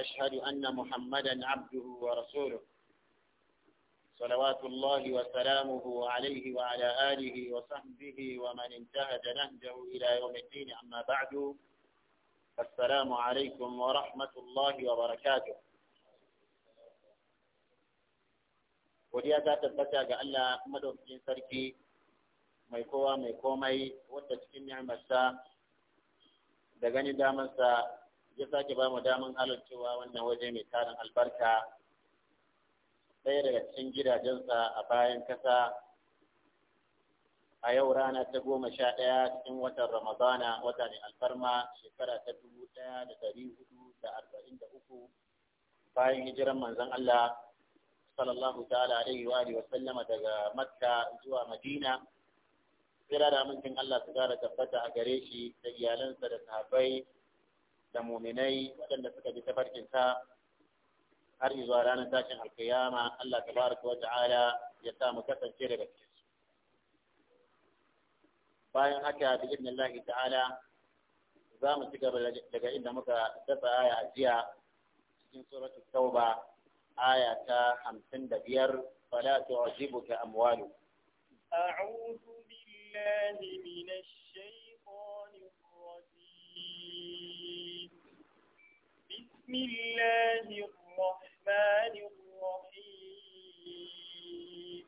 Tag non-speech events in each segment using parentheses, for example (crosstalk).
أشهد أن محمدا عبده ورسوله صلوات الله وسلامه عليه وعلى آله وصحبه ومن انتهج نهجه إلى يوم الدين أما بعد السلام عليكم ورحمة الله وبركاته godiya ta tabbata ga Allah madaukakin sarki mai kowa mai komai wadda cikin ni'amarsa ya sake ba mu daman halarcewa wannan waje mai tarin albarka ɗaya daga cikin gidajensa a bayan kasa a yau rana ta goma sha ɗaya cikin watan ramadana wata ne alfarma shekara ta dubu ɗaya da ɗari hudu da arba'in da uku bayan hijiran manzon Allah sallallahu ta'ala alaihi wa alihi wa sallama daga makka zuwa madina kira da mulkin Allah su gara tabbata a gare shi da iyalansa da sahabbai da muminai waɗanda suka bi tafarkinsa har zuwa ranar tashin alkiyama Allah tabaraka wa ta'ala ya sa mu kasance daga gaske su bayan haka bi idnillah ta'ala za mu ci gaba daga inda muka dasa aya a jiya cikin suratul tauba aya ta biyar فلا تعجبك أموالهم أعوذ بالله من الشيطان بسم الله الرحمن الرحيم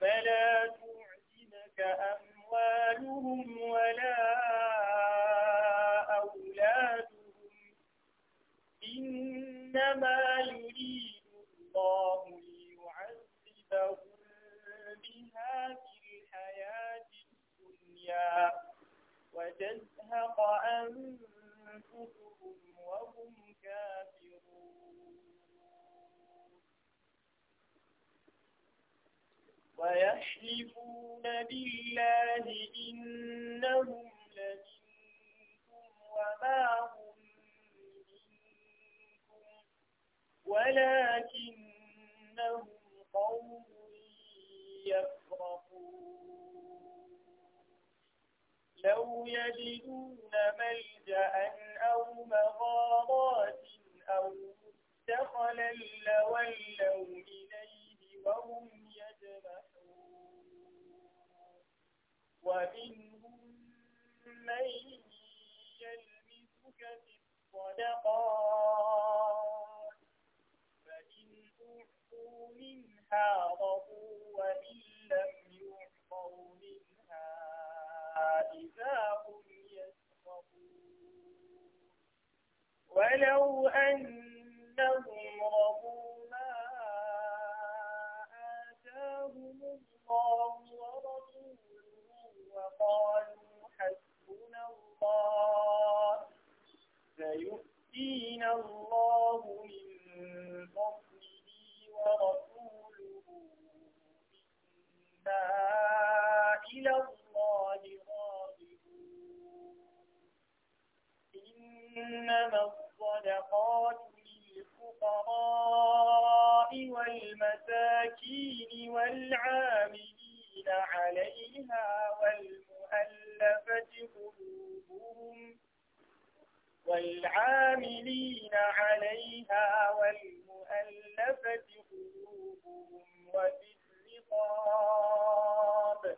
فلا تعجبك أموالهم ولا أولادهم إنما يريد الله ليعذبهم بها في الحياة الدنيا وتزهق أنفسهم وهم كافرون ويحلفون بالله إنهم لمنكم وما هم منكم ولكنهم قوم لو يجدون ملجأ أو مغارات أو مدخلا لولوا إليه وهم يجمحون ومنهم من يلمسك في الصدقات فإن أعطوا منها رضوا وإن إذا هم ولو أنهم رضوا ما آتاهم الله ورسوله وقالوا حسبنا الله سيؤتينا الله من فضله ورسوله إنا إلى الله إنما الصدقات للفقراء والمساكين والعاملين عليها والمؤلفة قلوبهم والعاملين عليها والمؤلفة قلوبهم وفي الرقاب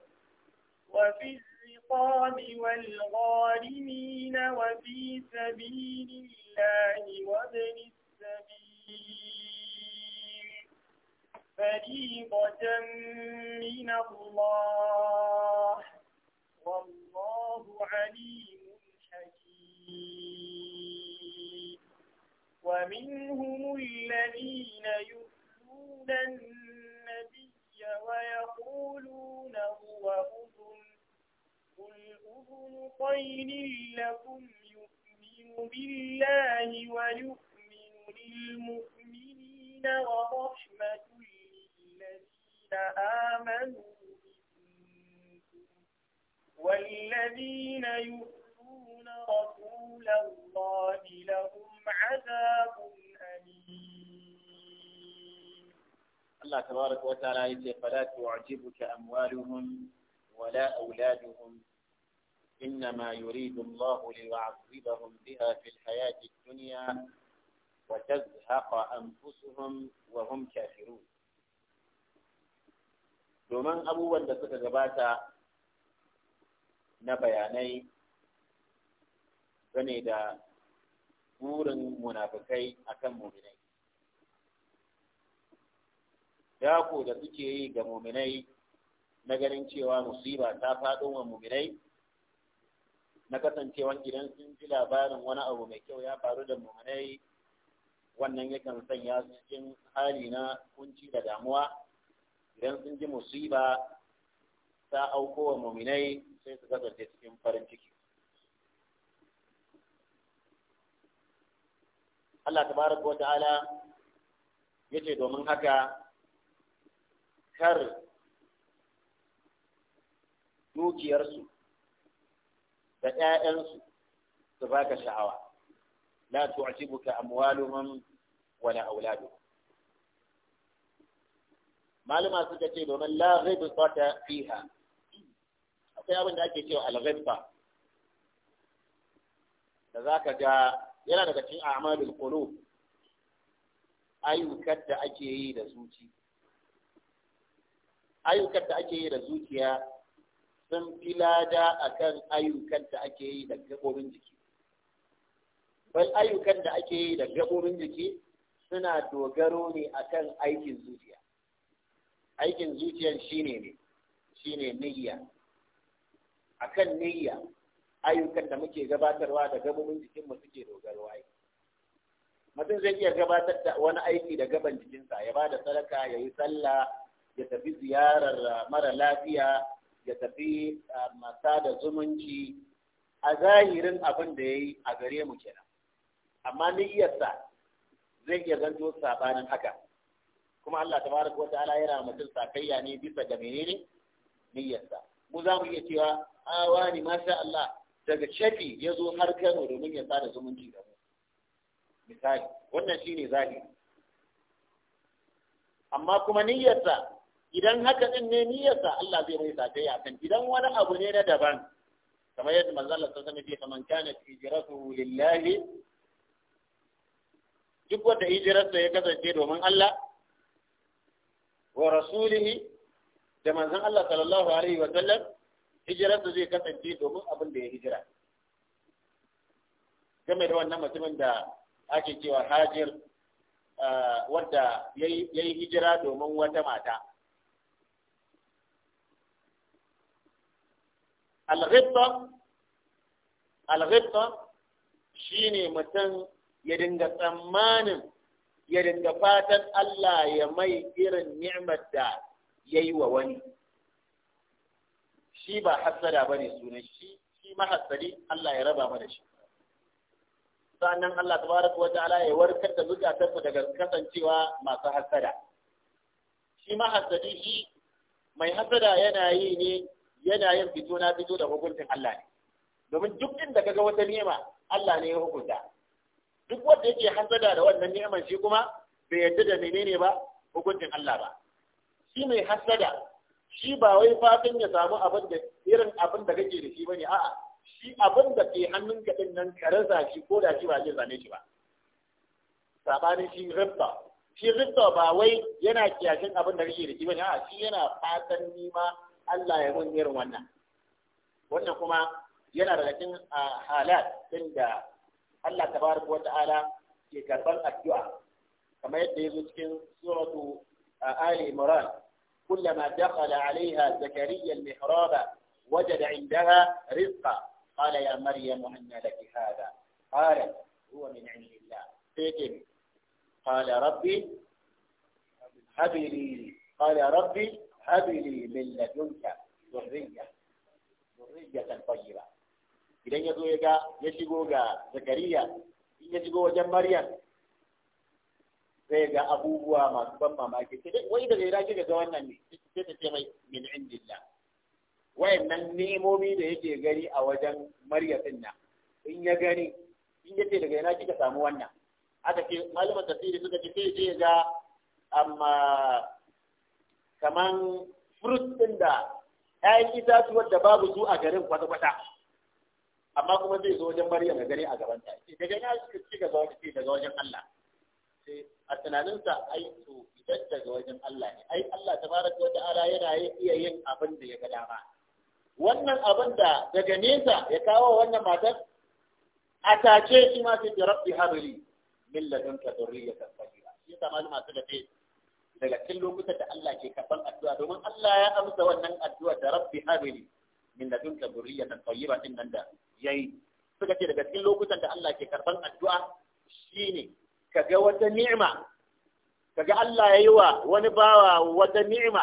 وفي الشيطان والغارمين وفي سبيل الله وابن السبيل فريضة من الله والله عليم حكيم ومنهم الذين يؤذون النبي ويقولون هو أم قل أذن خير لكم يؤمن بالله ويؤمن للمؤمنين ورحمة للذين آمنوا والذين يؤذون رسول الله لهم عذاب أليم الله تبارك وتعالى يقول فلا تعجبك أموالهم ولا أولادهم إنما يريد الله ليعذبهم بها في الحياة الدنيا وتزهق أنفسهم وهم كافرون دومان أبو أن تتغبات نبياني غني دا burin munafikai akan muminai. Dako da suke na ganin cewa musiba ta faɗo wa muminai na kasancewan idan sun ji labarin wani abu mai kyau ya faru da muminai wannan yakan sanya su cikin hali na kunci da damuwa idan sun ji musiba ta auko wa muminai sai su kasance cikin farin ciki Allah Ta Ta wa ta'ala yace domin haka kar dukiyarsu da ‘ya'yansu su baka sha'awa la tu'jibuka amwaluhum wala auladuhum malama suka ce domin la ghibta fiha akwai abin da ake cewa al-ghibta da zaka ga yana daga cikin a'malul qulub ayyukan da ake yi da zuci ayyukan da ake yi da zuciya sun fi lada a kan ayyukan da ake yi da gabobin jiki wai ayyukan da ake yi da gabobin jiki suna dogaro ne akan aikin zuciya aikin zuciyar shine ne shine niyya kan niyya ayyukan da muke gabatarwa da gabobin jikinmu suke dogaro aiki mutum zai iya gabatar da wani aiki da gaban jikinsa ya ba da sadaka ya yi sallah ya tafi ziyarar mara lafiya ya tafi ah, masa da zumunci a zahirin abin da ya yi a gare mu kenan amma niyyarsa zai iya zanto sabanin haka kuma Allah tabaraka ala yana mutum sakayya ne bisa ga menene niyyarsa mu za mu iya cewa a wani masha Allah daga shafi ya zo har Kano domin ya sada zumunci da mu misali wannan shine zahiri amma kuma niyyarsa idan haka din ne niyyarsa Allah zai mai ya kan. idan wani abu ne na daban kamar yadda manzo Allah sallallahu alaihi wasallam ya kana hijratuhu lillahi duk wanda hijirarsa ya kasance domin Allah wa rasulihi da manzon Allah sallallahu alaihi wasallam hijirarsa zai kasance domin abin da ya hijira game da wannan mutumin da ake cewa hajir ah, wadda ya yi hijira domin wata mata alghibta alghibta shine mutum ya dinga tsammanin ya dinga fatan Allah ya mai irin ni'mar da ya yi wa wani shi ba hassada ba ne sunan shi shi mahassadi Allah ya raba mana shi sannan Allah tabaraka wa ta'ala ya warkar da zukatarsa daga kasancewa masu hassada shi mahassadi shi mai hassada yana yi ne yana yin fito na fito da hukuncin Allah ne domin duk inda kaga wata ni'ima Allah ne ya hukunta duk wanda yake hasada da wannan ni'imar shi kuma bai yadda da menene ba hukuncin Allah ba shi mai hasada shi ba wai fatan ya samu abin da irin abin da kake da shi bane a'a shi abin da ke hannun ka din nan karasa shi ko da shi ba zai zane shi ba sabani shi rinta shi rinta ba wai yana kiyashin abin da kake da shi bane a'a shi yana fatan nima Allah ya mun irin wannan wannan kuma yana daga cikin halat din da Allah tabaraka wa ta'ala ke karban addu'a kamar yadda yazo cikin suratu ali imran kullama dakhala alaiha zakariya al-mihraba وجد عندها رزقا قال يا مريم أن لك هذا قالت هو من عند الله قال ربي قال ربي هب لي من لدنك ذرية ذرية idan ya zo ya ga ya shigo ga zakariya in ya shigo wajen maryam zai ga abubuwa masu ban mamaki sai wai daga ira kika ga wannan ne sai ta ce mai min indillah wayannan nemomi da yake gani a wajen maryam din nan in ya gani in yace daga ina kika samu wannan aka ce malaman tafsiri suka ce sai ya ga amma kaman fruit ɗin da ‘ya'yan itatuwar da babu su a garin kwata-kwata amma kuma zai zo wajen Maryam ga gani a gabanta ce daga ina suka ci gaba wani ce daga wajen Allah sai a tunaninsa ai to idan daga wajen Allah ne ai Allah tabaraka wa ta'ala yana iya yin abin da ya ga dama wannan abin da daga nesa ya kawo wannan matar a tace shi ma sai rabbi habli min ladunka dhurriyatan tayyibah shi ta malama masu da ta daga cikin lokutan da Allah ke karban addu'a domin Allah ya amsa wannan addu'a da rabbi habili min ladunka zurriyatan tayyibatin nan da yayi suka ce daga cikin lokutan da Allah ke karban addu'a shine kaga wata ni'ima kaga Allah yi wa wani bawa wata ni'ima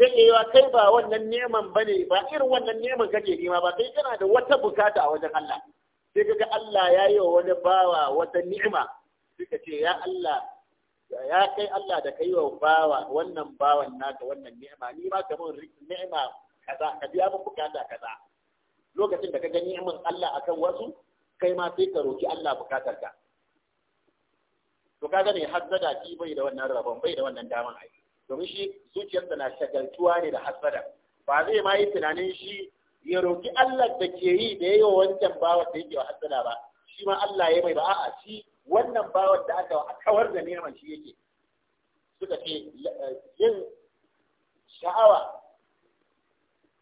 zai yi wa kai ba wannan ni'iman ne, ba irin wannan ni'iman kake nema ba kai kana da wata bukata a wajen Allah sai kaga Allah ya yi wa wani bawa wata ni'ima suka ce ya Allah ya kai Allah da kai wa bawa wannan bawan naka wannan ni'ima ni ma ka mun ni'ima kaza ka biya mun bukata kaza lokacin da ka ga ni'imin Allah akan wasu kai ma sai ka roki Allah bukatar ka to kaga ne hazzada ki bai da wannan rabon bai da wannan daman ai domin shi zuciyarsa na shagaltuwa ne da hazzada ba zai ma yi tunanin shi ya roki Allah da ke yi da yayi wancan bawa da yake wa hazzada ba shi ma Allah ya mai ba a'a shi wannan bawan da aka kawar da neman shi yake suka ce eh, yin sha'awa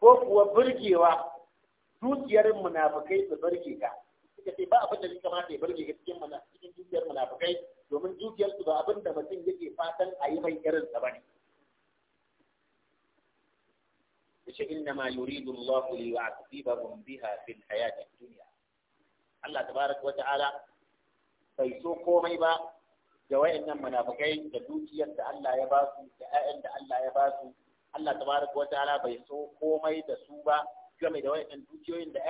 ko kuwa burgewa dukiyar munafukai su burge ka suka ce ba abin da zai kamata ya burge ka cikin cikin dukiyar munafukai domin dukiyar su ba abin da mutum yake fatan a yi mai irin sa bane yace inna ma yuridu Allahu li yu'adhibahum biha fil hayati dunya Allah tabaraka wa ta'ala bai so komai ba da wayannan munafikai da dukiyar da Allah ya ba su da ayyan da Allah ya ba su Allah tabaraka wataala bai so komai da su ba game da wayannan dukiyoyin da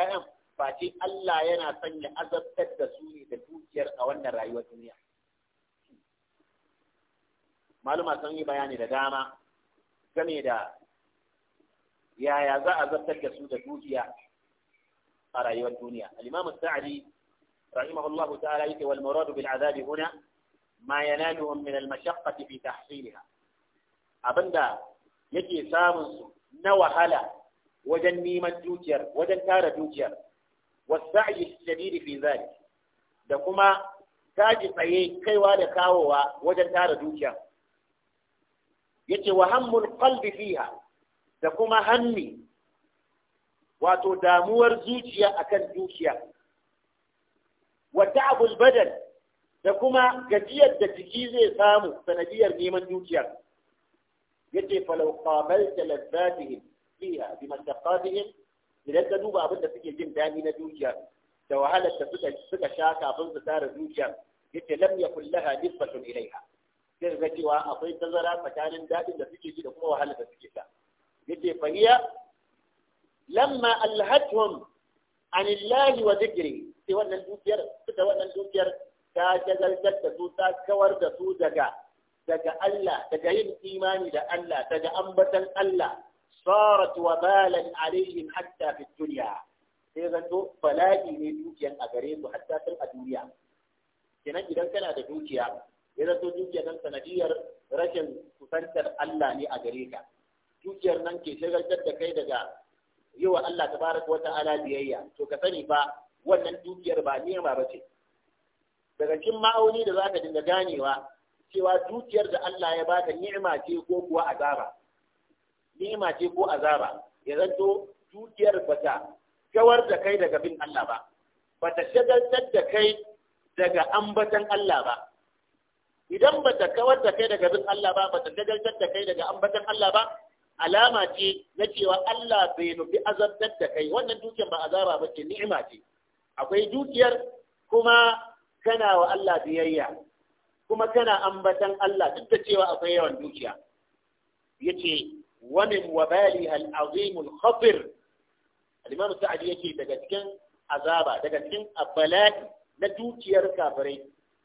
ba ce Allah yana sanya azabtar da su ne da dukiyar a wannan rayuwar duniya maluma sun yi bayani da dama game da yaya za a zartar da su da dukiya a rayuwar duniya al-imam sa'adi رحمه الله تعالى والمراد بالعذاب هنا ما ينالهم من المشقة في تحصيلها أبدا يجي سامنس نوهلا وجن نيمة دوتير وجن تار دوتير والسعي الشديد في ذلك دكما تاج tsaye kaiwa da kawowa wajen tara dukiya yace wa hammul qalbi fiha da kuma hanni wato damuwar zuciya akan dukiya wa ta'abul badal da kuma gajiyar da jiki zai samu sanadiyar neman dukiyar yace falau qabalta lazzatihim fiha bi masaqatihim idan ka duba abin da suke jin dadi na dukiyar da wahalar da suka suka sha kafin su tara dukiyar yace lam yakul laha nisbatun ilaiha sai ga cewa akwai tazara tsakanin dadin da suke ji da kuma wahalar da suke sha yace fahiya lamma alhatuhum an Allah wa dhikri suke wannan dukiyar suka wannan dukiyar ta shagaltar da su ta kawar da su daga daga Allah daga yin imani da Allah daga ambatan Allah sarat wa balan alaihim hatta fi dunya sai zanto bala'i ne dukiyar a gare su hatta tun a duniya kenan idan kana da dukiya ya zato dukiya nan sanadiyar rashin kusantar Allah ne a gare ka dukiyar nan ke shagaltar da kai daga yi wa Allah ta tabaraka wata ala biyayya to ka sani fa wannan dukiyar ba nema ba ce daga cikin ma'auni da zaka dinga ganewa cewa dukiyar da Allah ya baka ni'ima ce ko kuwa azaba ni'ima ce ko azaba ya zanto dukiyar bata kawar da kai daga bin Allah ba bata shagaltar da kai daga ambatan Allah ba idan bata kawar da kai daga bin Allah ba bata shagaltar da kai daga ambatan Allah ba alama ce na cewa Allah bai nufi azabtar da kai wannan dukiyar ba azaba ba ce ni'ima ce akwai dukiyar kuma kana wa Allah biyayya kuma kana ambatan Allah duk da cewa akwai yawan dukiya yace wa min wabali al al-khatir al-imam sa'adi yake daga cikin azaba daga cikin abala'i na dukiyar kafirai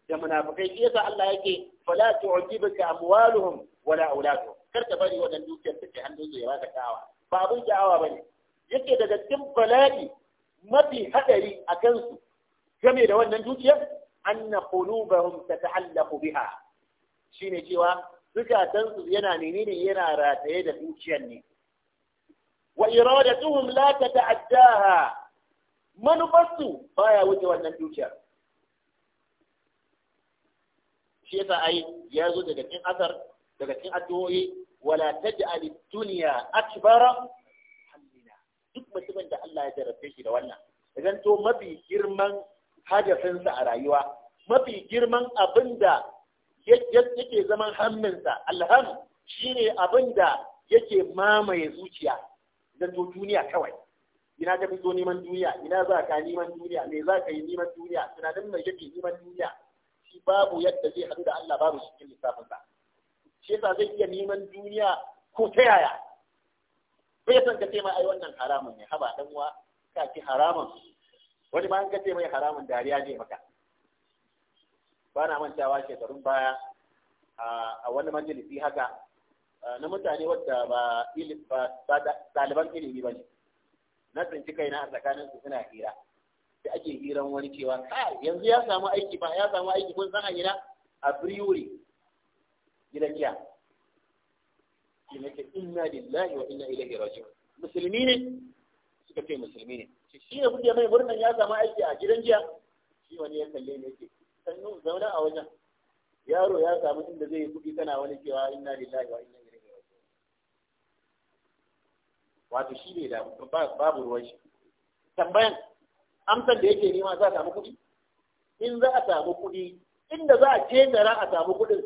da munafikai shi yasa Allah yake fala tu'jibuka amwaluhum wala auladuhum kar ka bari wannan dukiyar take hannun su ya baka kawa ba abin sha'awa bane yake daga cikin bala'i mafi haɗari a kansu game da wannan dukiyar anna qulubahum tata'allaqu biha shine cewa zukatansu yana menene yana rataye da dukiyar ne wa iradatuhum la tata'addaha manufarsu baya wuce wannan dukiyar shi yasa ai ya zo daga cikin asar daga cikin addu'o'i wala taj'al ad-dunya akbara duk mutumin da Allah ya jarabce shi da wannan idan to mafi girman hadafinsa a rayuwa mafi girman abin da yake zaman hannunsa alham shine abin da yake mamaye zuciya idan to duniya kawai ina ka fito neman duniya ina za ka neman duniya me za ka yi neman duniya tunanin mai yake neman duniya shi babu yadda zai haɗu da Allah babu cikin lissafinsa shi yasa zai iya neman duniya ko ta yaya sai san ka ce mai ai wannan haramun ne haba dan uwa ka ci haramun wani ma an ka ce mai haramun dariya ne maka ba na mantawa shekarun baya a wani majalisi haka na mutane wadda ba ɗaliban ilimi ba ne na tsinci kaina a tsakanin su suna hira da ake hiran wani cewa kai yanzu ya samu aiki ba ya samu aiki kun san a gida a priori gidan jiya. ce maka inna lillahi wa inna ilaihi raji'un musulmi ne suka ce musulmi ne shi ne buɗe mai murnan ya samu aiki a gidan jiya shi wani ya kalle ne yake sannu zauna a wajen yaro ya samu inda zai yi kuɗi tana wani cewa inna lillahi wa inna ilaihi raji'un wato shi ne da babu ruwan shi tambayan amsar da yake nema za a samu kuɗi in za a samu kuɗi inda za a ketara a samu kuɗin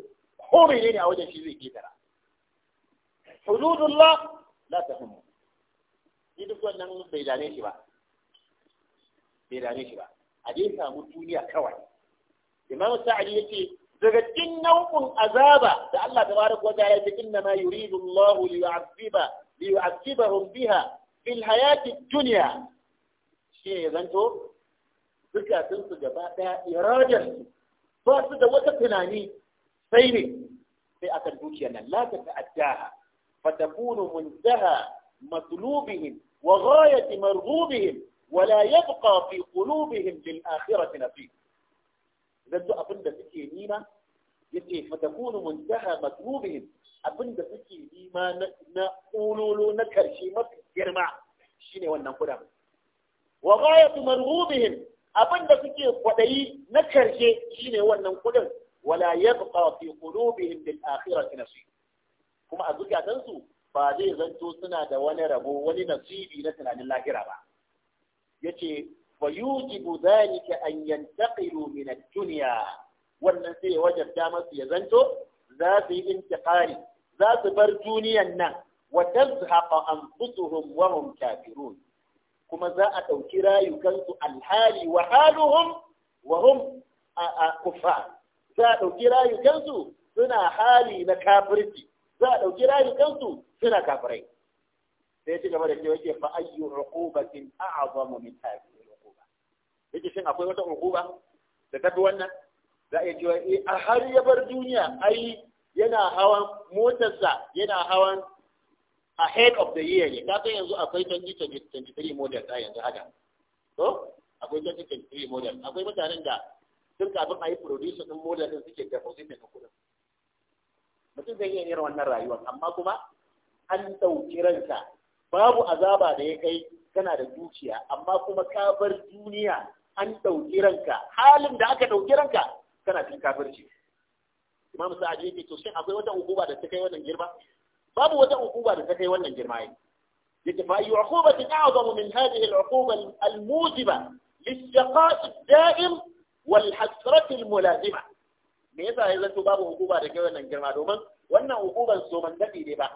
ko menene a wajen shi zai ketara hududullah la tahumu shi duk wannan bai dane shi ba bai dane shi ba a dai samu duniya kawai imam sa'adi yake daga cikin nau'in azaba da Allah tabaraka wa ta'ala ya inna ma yuridu Allah li yu'azziba li yu'azzibahum biha fil hayati dunya shi ne zanto sun su gaba daya iradar su ba su da wata tunani sai ne sai akan dukiyar nan la ta ta'addaha فتكون منتهى مطلوبهم وغاية مرغوبهم ولا يبقى في قلوبهم للآخرة نصيب إذا أنتوا أبدا سكي نيمة يتي فتكون منتهى مطلوبهم أبدا سكي نيمة نقولوا نكر شيء ما في جرمع شيني وانا قدام وغاية مرغوبهم أبدا سكي قدعي نكر شيء شيني وانا قدام ولا يبقى في قلوبهم للآخرة نصيب kuma a zukatansu ba zai zanto suna da wani rabo wani nasibi na tunanin lahira ba yace fa yujibu dhalika an yantaqilu min ad-dunya wannan sai ya wajabta masu ya zanto za su yi intiqali za su bar duniyan nan wa tazhaqa anfusuhum wa hum kafirun kuma za a ɗauki rayukansu alhali wa haluhum wa hum kufa za a ɗauki rayukansu suna hali na kafirci za a ɗauki rayukansu suna kafirai sai ci gaba da cewa yake fa ayyu uqubatin a'zamu min hadhihi al-uquba yake shin akwai wata uquba da tafi wannan za a iya cewa eh har ya bar duniya ai yana hawan motarsa yana hawan ahead of the year ne kafin yanzu akwai 2023 model a yanzu haka to akwai 2023 model akwai mutanen da tun kafin a yi producer ɗin model din suke deposit din kudin mutum zai iya irin wannan rayuwar amma kuma an ɗauki ranka babu azaba da ya kai kana da zuciya. amma kuma ka bar duniya an ɗauki ranka halin da aka ɗauki ranka kana cikin kafirci imam sa'ad yake to shin akwai wata hukuma da ta kai wannan girma babu wata hukuma da ta kai wannan girma yake yake fa yi uqubati a'zamu min hadhihi al-uquba al-mujiba wal الدائم والحسرة الملازمة me yasa ya zanto babu hukuma da kai wannan girma domin wannan hukuman so man dadi ne ba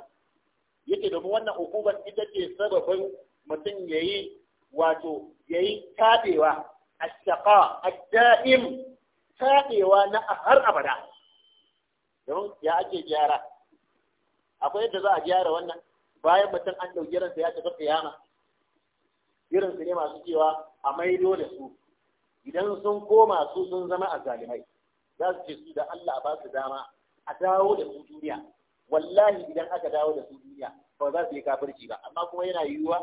yake domin wannan hukuman ita ce sababin mutum yayi wato yayi tabewa ashqa ad-da'im tabewa na har abada Don ya ake gyara akwai yadda za a gyara wannan bayan mutum an dauki ransa ya tafi kiyama irin su ne masu cewa a maido da su idan sun koma su sun zama a zalimai za su ce su da Allah ba su dama a dawo da su duniya wallahi idan aka dawo da su duniya ba za su yi kafirci ba amma kuma yana yiwuwa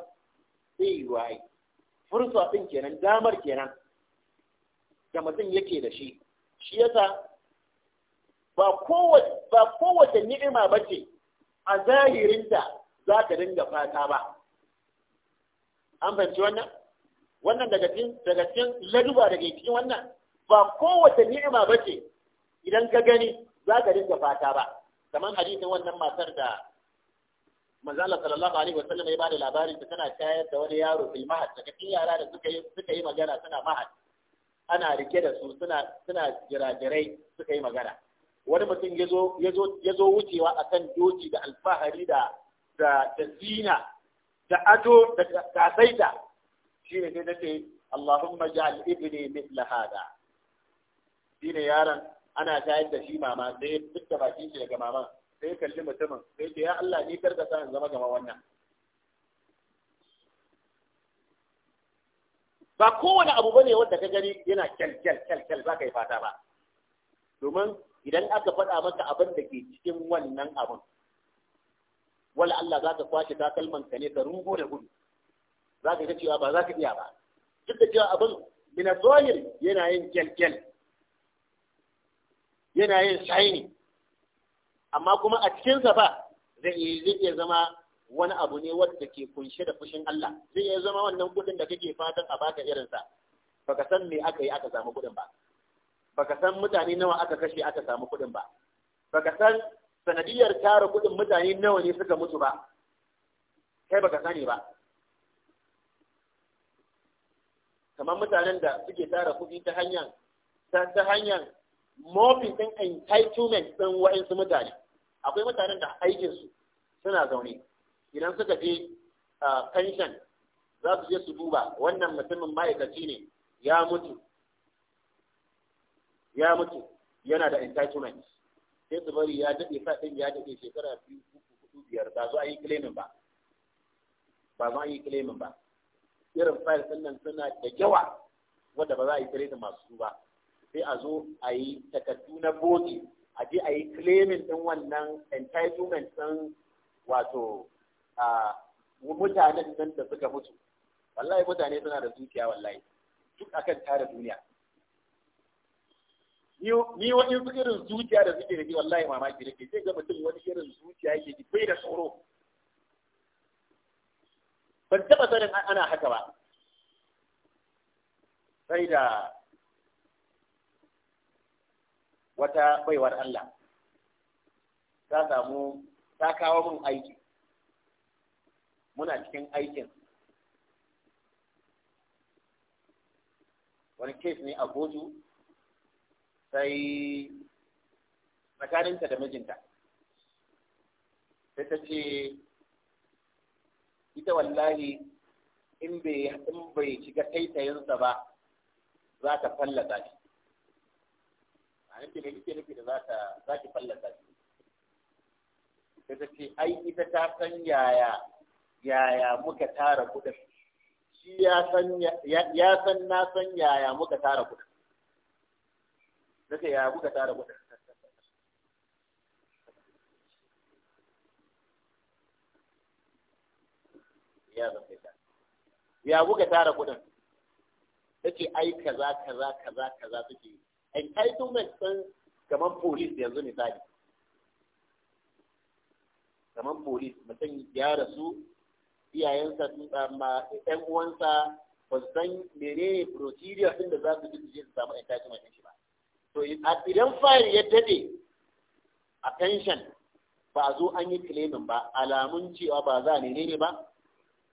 sai yiwuwa yi fursa din kenan damar kenan da mutum yake da shi shi yasa ba kowace ba ce ni'ima a zahirinta za ka dinga fata ba an fahimci wannan wannan daga cikin laduba daga cikin wannan ba kowace ni'ima ba ce idan ka gani za ka dinga fata ba kamar hadisin wannan matar da manzo sallallahu alaihi wasallam ya bada labarin ta tana tayar da wani yaro fil mahad daga cikin yara da suka yi magana suna mahad ana rike da su suna suna jirajirai suka yi magana wani mutum yazo zo yazo wucewa akan doki da alfahari da da zina da ado da kasaita ne sai tace Allahumma ja'al ibni mithla hada shi ne yaron ana tayar da shi mama sai ya da baki shi daga mama sai ya kalli mutumin sai ce ya Allah ni karka sa in zama gama wannan ba kowane abu bane wanda ka gani yana kyal kyal kyal kyal za ka yi fata ba domin idan aka faɗa maka abin da ke cikin wannan abin wala Allah za ka kwashe takalman ka ne ka rungo da gudu za ka ga cewa ba za ka iya ba duk da cewa abin min Zohir yana yin kyal kyal yana yin ne, amma kuma a cikinsa ba, zai iya zama wani abu ne wanda ke kunshe da fushin Allah zai iya zama wannan kudin da kake fatan a baka irinsa baka san me aka yi aka samu kudin ba baka san mutane nawa aka kashe aka samu kudin ba baka san sanadiyar tara kudin mutane nawa ne suka mutu ba kai baka sani ba kamar mutanen da suke tara kudi ta hanyar ta hanyar mofin ɗin entitlement ɗin wa'insu mutane akwai mutanen da aikinsu suna zaune idan suka je pension za su je su duba wannan mutumin ma'aikaci ne ya mutu ya mutu yana da entitlement sai su bari ya daɗe faɗin ya daɗe shekara biyu uku biyar ba zo a yi claiming ba ba zo a yi claiming ba irin fayil sannan suna da yawa wanda ba za a yi claiming masu su ba sai a zo a yi takardu na bogi a je a yi claiming ɗin wannan entitlement ɗin wato mutanen nan da suka mutu wallahi mutane suna da zuciya wallahi duk akan tara duniya ni wani irin zuciya da suke da shi wallahi mamaki da ke zai ga mutum wani irin zuciya yake ji bai da tsoro ban taɓa sanin ana haka ba sai da wata baiwar Allah ta samu ta kawo min aiki muna cikin aikin wani kes ne a kotu sai tsakaninta da mijinta sai ta ce ita wallahi in bai shiga taitayinsa ba za ta fallata shi a nan ce me kike nufi da za ta za ki fallasa shi sai ta ce ai ita ta san yaya yaya muka tara kuɗin shi ya san ya san na san yaya muka tara kuɗin nake yaya muka tara kuɗin ya zama ta ya muka tara kuɗin take ai kaza kaza kaza kaza suke yi entitlement ɗin kamar police yanzu misali kamar police mutum ya rasu iyayensa sun amma ɗan uwansa ba su san menene procedure ɗin da za su bi su samu entitlement ɗin shi ba to idan fayil ya daɗe a pension ba a zo an yi claiming ba alamun cewa ba za a ne ba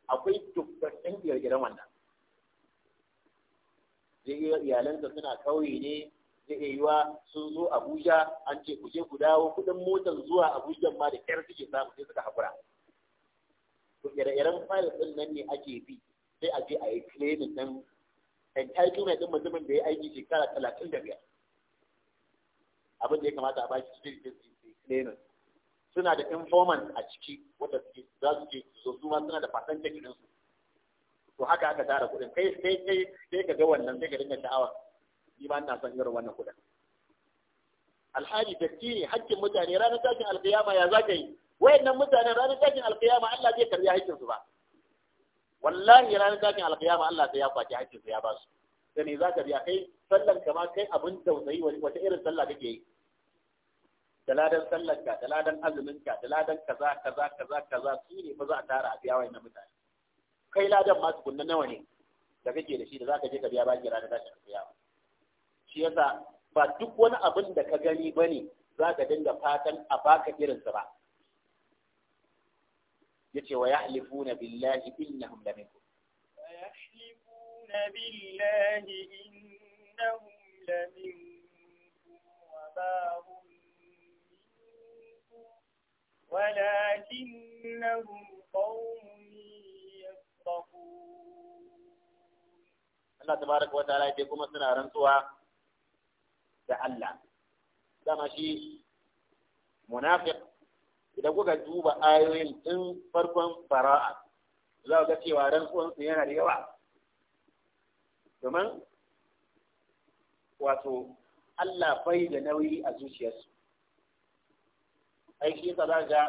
akwai dubbatin kirkiran wannan zai iya iyalansa suna kauye ne da iya yiwa sun zo Abuja an ce kuje ku dawo kudin motar zuwa Abuja ma da kyar suke samu sai suka haƙura. To ire-iren fayil ɗin nan ne ake bi sai a je a yi claiming ɗin entitlement ɗin mutumin da ya aiki shekara talatin da biyar. Abin da ya kamata a bashi cikin claiming. Suna da informant a ciki wanda suke za su ce so su ma suna da percentage su To haka aka tara kuɗin kai kai kai sai ka ga wannan sai ka dinga sha'awa shi ma ina son irin wannan kuɗin Alhaji datti ne hakkin mutane ranar tashin alkiyama ya za ka yi wayannan mutane ranar tashin alkiyama Allah zai karya hakkin su ba wallahi ranar tashin alkiyama Allah sai ya kwaci hakkin su ya ba su da ne za ka biya kai sallan kama kai abin tausayi wata irin sallah kake yi da ladan ka, da ladan ka, da ladan kaza kaza kaza kaza su ne fa za a tara a biya wayannan mutane kai ladan masu kunna nawa ne da kake da shi da za ka je ka biya baki ranar tashin alkiyama shi yasa ba duk wani abin da ka gani ba ne, za ka dinga fatan a baka irinsa ba yace wa yahlifuna billahi innahum laminkum wa yahlifuna billahi innahum laminkum wa ma minkum Allah tabaraka wa ta'ala ya kuma suna rantsuwa da Allah dama shi munafiq idan kuka duba ayoyin din farkon fara'a za ku ga cewa rantsuwansu yana da yawa domin wato Allah bai da nauyi a zuciyarsu aiki yasa za ga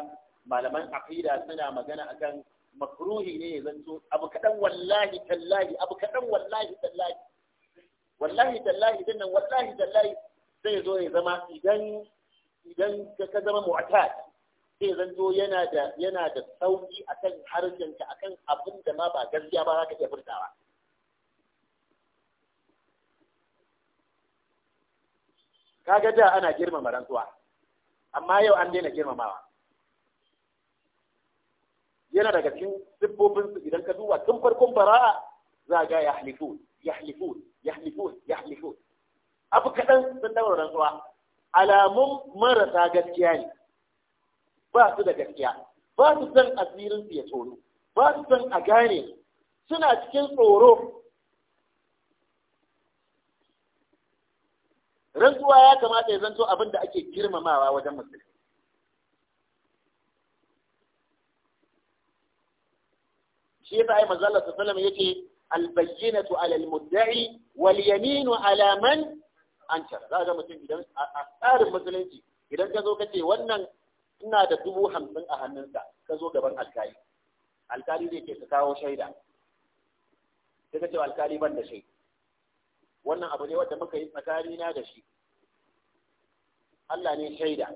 malaman aqida suna magana akan makruhi ne ya zanto abu kadan wallahi tallahi abu kadan wallahi tallahi wallahi tallahi dinnan wallahi tallahi zai zo ya zama idan ka zama mu'tad sai zanto yana da yana da sauki akan harshenka akan abin da ma ba gaskiya ba za ka iya furtawa kaga da ana girmama rantsuwa amma yau an daina girmamawa yana daga cikin siffofin su idan ka duba tun farkon bara'a za ga ya yahlifun ya yahlifun abu kaɗan sun daura rantsuwa alamun marasa gaskiya ne ba su da gaskiya ba su san asirin su ya tsoro ba su san a gane suna cikin tsoro rantsuwa ya kamata ya zanto abin da ake girmamawa wajen musulmi shi ya ai manzo Allah sallallahu alaihi wasallam yace al-bayyinatu 'ala al-mudda'i wal yaminu 'ala man an cara za ga mutum idan a tsarin musulunci idan ka zo ka ce wannan ina da dubu hamsin a hannunsa ka zo gaban alkali alkali zai ce ka kawo shaida sai ka ce alkali ban da shi wannan abu ne wanda muka yi tsakani na da shi Allah ne shaida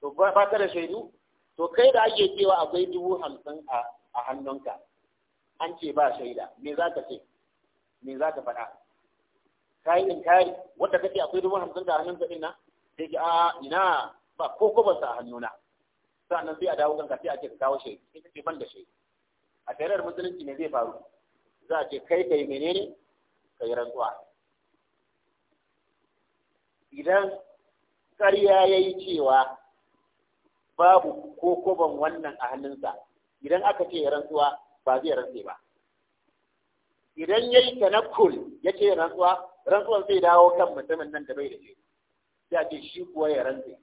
to ba ka da shaidu to kai da ake cewa akwai dubu hamsin a hannunka an ce ba shaida me za ka ce me za ka faɗa kayi inkari wanda kake akwai dubu hamsin da hannun zaɗin nan sai ki a ina ba ko ko sa a hannuna sannan sai a dawo kanka sai a ce ka kawo shi sai kace ban da shi a tarayyar musulunci ne zai faru za a ce kai kai menene kai rantsuwa idan ƙarya ya yi cewa babu ko koban wannan a hannunsa idan aka ce rantsuwa ba zai rantse ba idan ya yi tanakul ya ce rantsuwa rantsuwan zai dawo kan mutumin nan da bai da shi ya ce shi kuwa ya rantse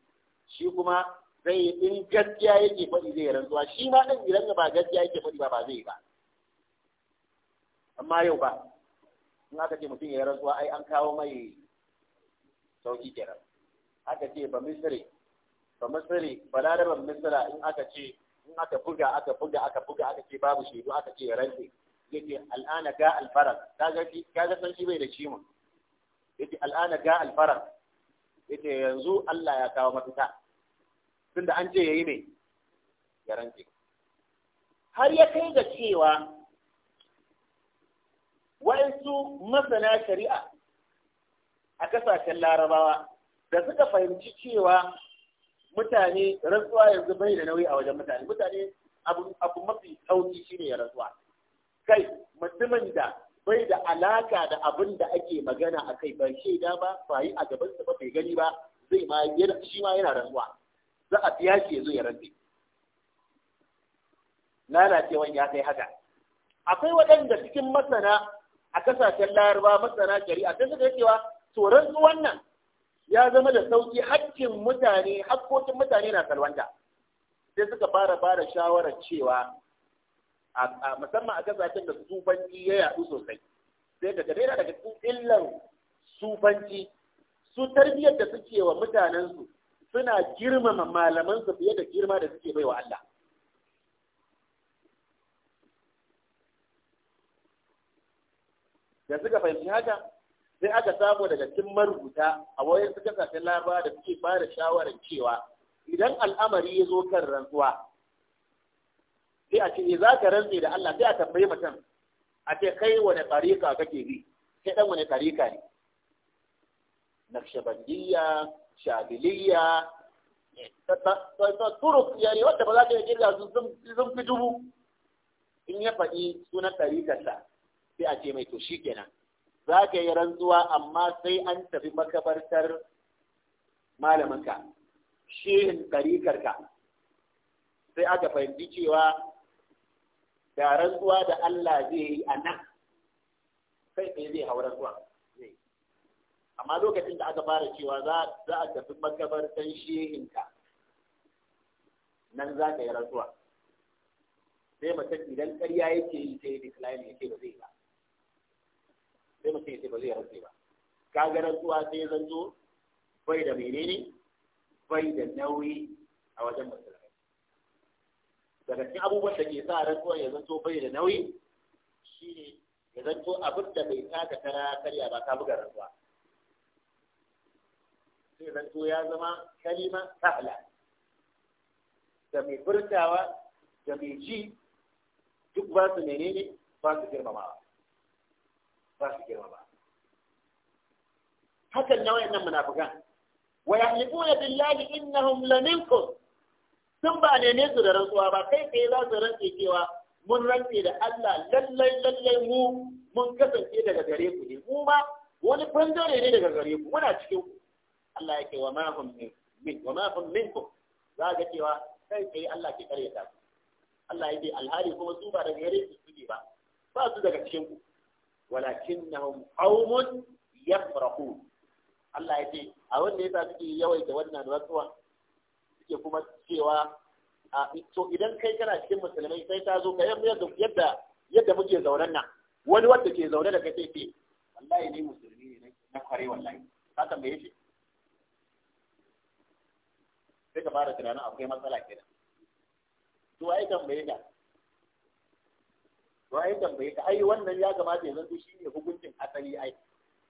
shi kuma zai in gaskiya yake faɗi zai rantsuwa shi ma ɗin idan ba gaskiya yake faɗi ba ba zai ba amma yau ba in aka ce mutum ya rantsuwa ai an kawo mai sauki kenan aka ce ba misiri, ba misiri, ba larabar misira in aka ce in aka buga aka buga aka buga aka ce babu shaidu aka ce ya rantse yake al'ana ga alfarar ga san shi bai da shi mun yace al'ana ga alfara yace yanzu Allah ya kawo mafita tunda an ce yayi ne ya rantse har ya kai ga cewa wa'ansu masana shari'a a kasashen larabawa da suka fahimci cewa mutane rantsuwa yanzu bai da nauyi a wajen mutane mutane abu mafi sauki shine ya rantsuwa kai mutumin da bai da alaka da abin da ake magana a kai ban shaida ba ba yi a gabansa ba bai gani ba zai ma shi ma yana rantsuwa za a biya shi ya zo ya rantsi lalacewan ya kai haka akwai waɗanda cikin masana a kasashen laraba masana shari'a sai suka cewa to rantsuwan nan ya zama da sauki haƙƙin mutane hakkokin mutane na salwanta sai suka fara fara shawarar cewa musamman a kasashen da sufanci ya yadu sosai sai daga daina daga cikin illan sufanci su tarbiyyar da suke wa mutanensu suna girmama malamansu fiye da girma da suke baiwa Allah da suka fahimci haka sai aka samu daga cikin marubuta a wayar su kasashen laraba da suke ba da shawarar cewa idan al'amari ya zo kan rantsuwa sai a ce eh, za ka rantse da Allah sai a tambayi mutum a ce kai wani tsarika kake bi kai dan wani tsarika ne nakshabandiyya shabiliyya turuk yani wadda ba za ka yi girga sun fi dubu in ya faɗi sunan sa sai a ce mai to shi kenan za ka yi rantsuwa amma sai an tafi makabartar malaminka shehin ka sai aka fahimci cewa da rantsuwa da Allah zai yi a nan kai tsaye zai hau rantsuwa amma lokacin da aka fara cewa za a tafi makabartan shehinka nan za ka yi rantsuwa sai mutum idan ƙarya yake yi sai decline ya ce ba zai ba sai mutum ya ce ba zai rantse ba ka ga rantsuwa sai zanzo bai da menene bai da nauyi a wajen mutum daga cikin abubuwan da ke sa rantsuwan ya zanto bai da nauyi shine ya zanto abin da bai taka kara karya ba ta buga rantsuwa sai zanto ya zama kalima sahla da mai furtawa da mai ji duk ba su menene ba su girmamawa ba su girmama hakan na wayannan munafikan wa yahlifuna billahi innahum laminkum sun ba ne su da rantsuwa ba kai kai za su rantse cewa mun rantse da Allah lallai lallai mu mun kasance daga gare ku ne mu ma wani bangare ne daga gare ku muna cikin ku Allah yake wa ma hum min wa ma hum minkum za ga cewa kai kai Allah ke kare ta Allah yake alhali kuma su ba daga gare ku ne ba ba su daga cikin ku walakinnahum qaumun yafrahu Allah yake a wanda yasa suke yawaita wannan rantsuwa suke kuma cewa a to idan kai kana cikin musulmai sai ta zo ka yadda yadda muke zauren nan wani wanda ke zaune da kai sai ce wallahi ni musulmi ne na kware wallahi haka me yake sai ka fara tunanin akwai matsala kenan to ai tambaye ka to ai tambaye ka ai wannan ya kamata ya shi shine hukuncin asali ai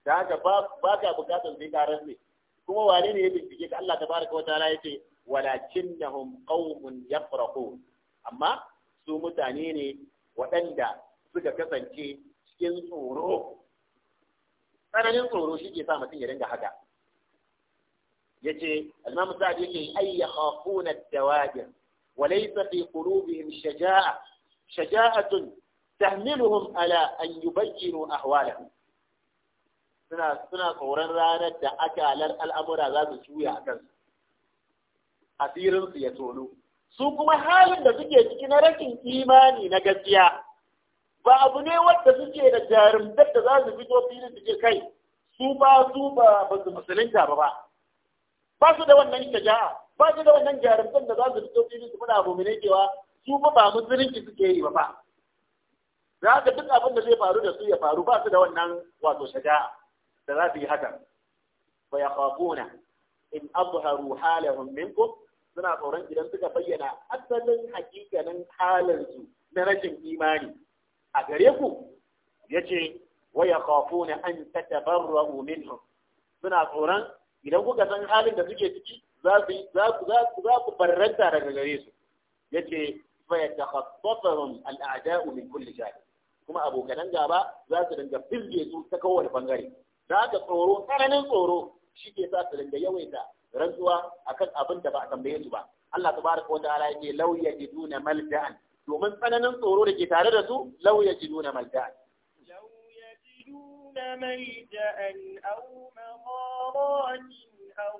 da haka ba ka bukatar sai ka rasa kuma wane ne ya bincike ka Allah tabaraka wa ta'ala yace walakinnahum qaumun yafrahun amma su mutane ne waɗanda suka kasance cikin tsoro tsananin tsoro shi ke sa mutum ya dinga haka ya ce almamu sa'ad yake ayya khafuna dawajir wa laysa fi qulubihim shaja'a shaja'atun tahmiluhum ala an yubayyinu a suna suna tsoron ranar da akalar al'amura za su juya a kansu asirinsu ya tono su kuma halin da suke ciki na rashin imani na gaskiya ba abu ne wanda suke da jarumtar da za su fito filin su ce kai su ba su ba ba su musulunta ba ba ba su da wannan shaja'a ba su da wannan jarumtar da za su fito filin su muna abu mai cewa su ba ba musulunci suke yi ba ba za ka duk abin da zai faru da su ya faru ba su da wannan wato shaja'a da za su yi hakan fa yaqafuna in azharu halahum minkum suna tsoron idan suka bayyana asalin hakikanin halinsu na rashin imani a gare ku yace wa ne an tatabarra'u minhum suna tsoron idan kuka san halin da suke ciki za su za ku za daga gare su yace fa yatakhaffafahum al min kulli janib kuma abokanan gaba za su dinga fizge su ta kowane bangare za ka tsoro tsananin tsoro shi ke sa su dinga yawaita rantsuwa akan abin da ba a tambaye su ba Allah tabaraka wa ta'ala yake law yajiduna malja'an domin tsananin tsoro da ke tare da su law yajiduna malja'an law yajiduna malja'an aw maqaran aw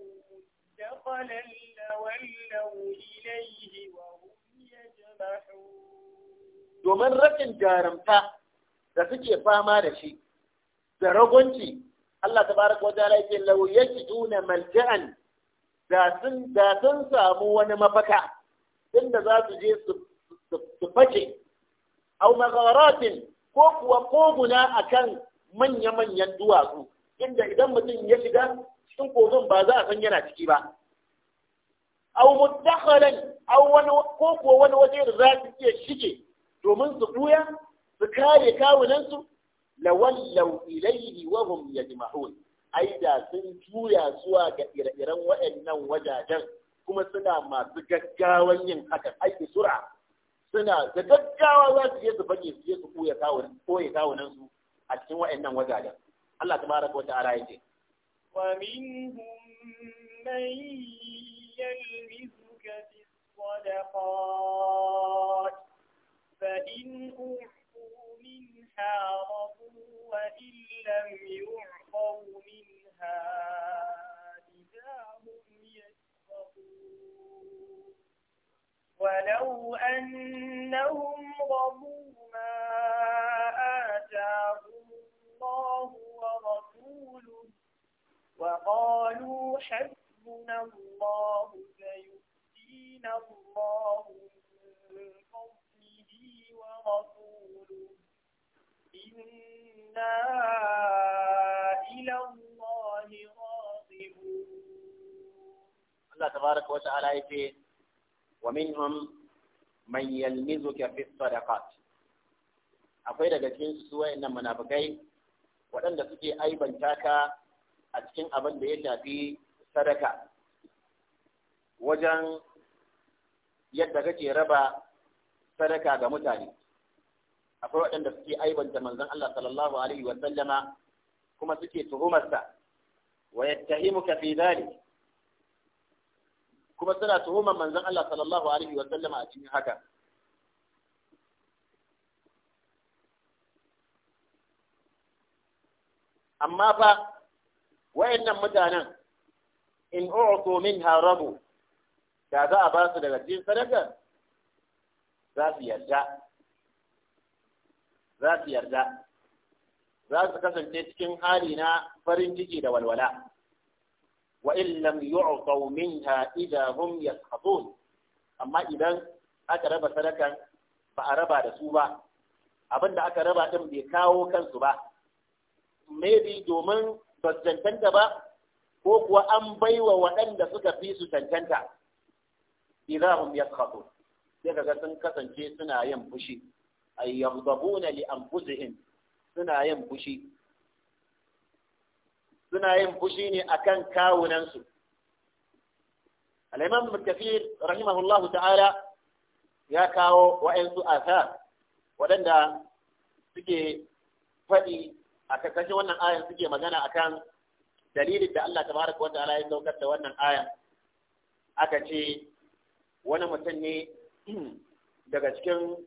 dakhalan lawallaw ilayhi wa hum yajmahun domin rashin jarumta da suke fama da shi da ragunci Allah Ta tabaraka wa ta'ala yake law yajiduna malja'an da sun samu wani mafaka inda za su je su fake au ko kuwa koguna kan manya-manyan duwatsu inda idan mutum ya shiga cikin kogon ba za a san yana ciki ba au mudakhalan au wani ko kuwa wani waje da za su iya shige domin su buya su kare kawunansu lawallau ilayhi wa hum yajma'un ai da sun juya zuwa ga ire-iren waɗannan wajajen kuma suna masu gaggawan yin hakan aiki sura suna da gaggawa za su je su fage su je su koya nan su a cikin waɗannan wajajen Allah tabaraka wa ta'ala yake wa minhum man yalmizuka bis sadaqat fa in حاربوا وإن لم يعفوا منها إذا هم يسخطون ولو أنهم رضوا ما آتاهم الله ورسوله وقالوا حسبنا الله سيؤتينا الله من فضله ورسوله إنا إلى الله راغبون الله تبارك وتعالى يقول ومنهم من يلمزك akwai daga cikin su wayannan munafikai waɗanda suke aibanta ka a cikin abin da ya shafi sadaka wajen yadda kake raba sadaka ga mutane akwai waɗanda suke aibanta manzan Allah sallallahu alaihi wa sallama kuma suke tuhumarsa wa yattahimuka fi dhalik kuma suna tuhumar manzan Allah sallallahu alaihi wa sallama a cikin haka amma fa wayannan mutanen in u'tu minha rabu da za a ba su daga cikin sadaka za su yarda za su yarda za su kasance cikin hali na farin ciki da walwala wa in lam yu'taw minha idza hum yasqutun amma idan aka raba sadakan ba a raba da su ba abinda aka raba din bai kawo kansu ba maybe domin ba su ba ko kuwa an baiwa waɗanda suka fi su cancanta idza hum yasqutun sai kaga sun kasance suna yin fushi ay yaghdabuna li anfusihim suna yin fushi suna yin fushi ne akan kawunan su al-imam al-kafir rahimahullahu ta'ala ya kawo wa'ansu asa wadanda suke faɗi a karkashin wannan ayan suke magana akan dalilin da Allah tabaraka wa ta'ala ya saukar da wannan aya aka ce wani mutum ne (clears throat) daga cikin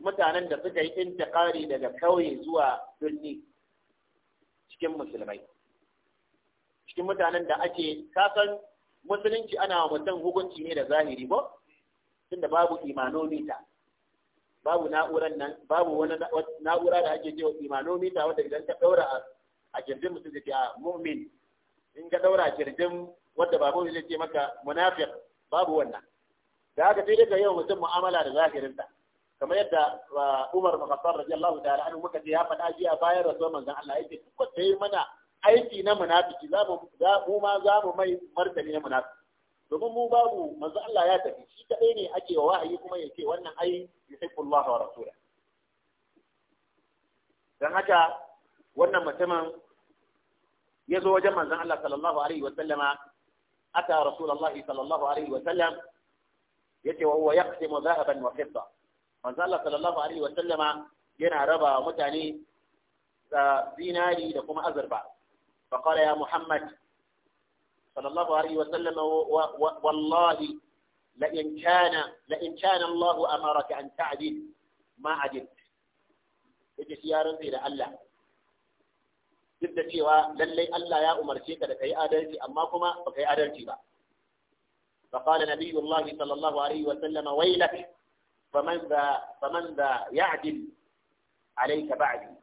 mutanen da suka yi intikari daga kauye zuwa birni cikin musulmai cikin mutanen da ake kasan musulunci ana wa mutum hukunci ne da zahiri ba tunda babu imanomita babu na'urar nan babu wani na'ura da ake cewa imanomita wanda idan ka daura a kirjin mutum zai a ah, mu'min in ka daura a kirjin wanda babu zai ce maka munafiq babu wannan da haka sai daga yau mutum mu'amala da zahirinta kamar yadda uh, Umar bin Khattab radiyallahu ta'ala anhu muka ce ya faɗa jiya bayan rasuwar manzon Allah yake duk wanda yayi mana aiki na munafiki za mu mu ma za mu mai martani na munafiki domin mu babu manzon Allah ya tafi shi kadai ne ake wa wahayi kuma yake wannan ai yuhibbullahu wa rasuluhu dan haka wannan mutumin ya zo wajen manzon Allah sallallahu alaihi wa sallama ata rasulullahi sallallahu alaihi wa sallam yace wa huwa yaqsimu dhahaban wa fidda manzo Allah sallallahu alaihi wa sallama yana raba mutane da dinari da kuma azurba fa qala ya muhammad sallallahu alaihi wa sallama wallahi la in kana la in kana Allah amaraka an ta'dil ma ajid yace shi ya rantsa da Allah duk da cewa lallai Allah ya umarce ka da kai adalci amma kuma ba kai adalci ba فقال نبي الله صلى الله عليه وسلم ويلك فمن ذا فمن ذا يعدل عليك بعدي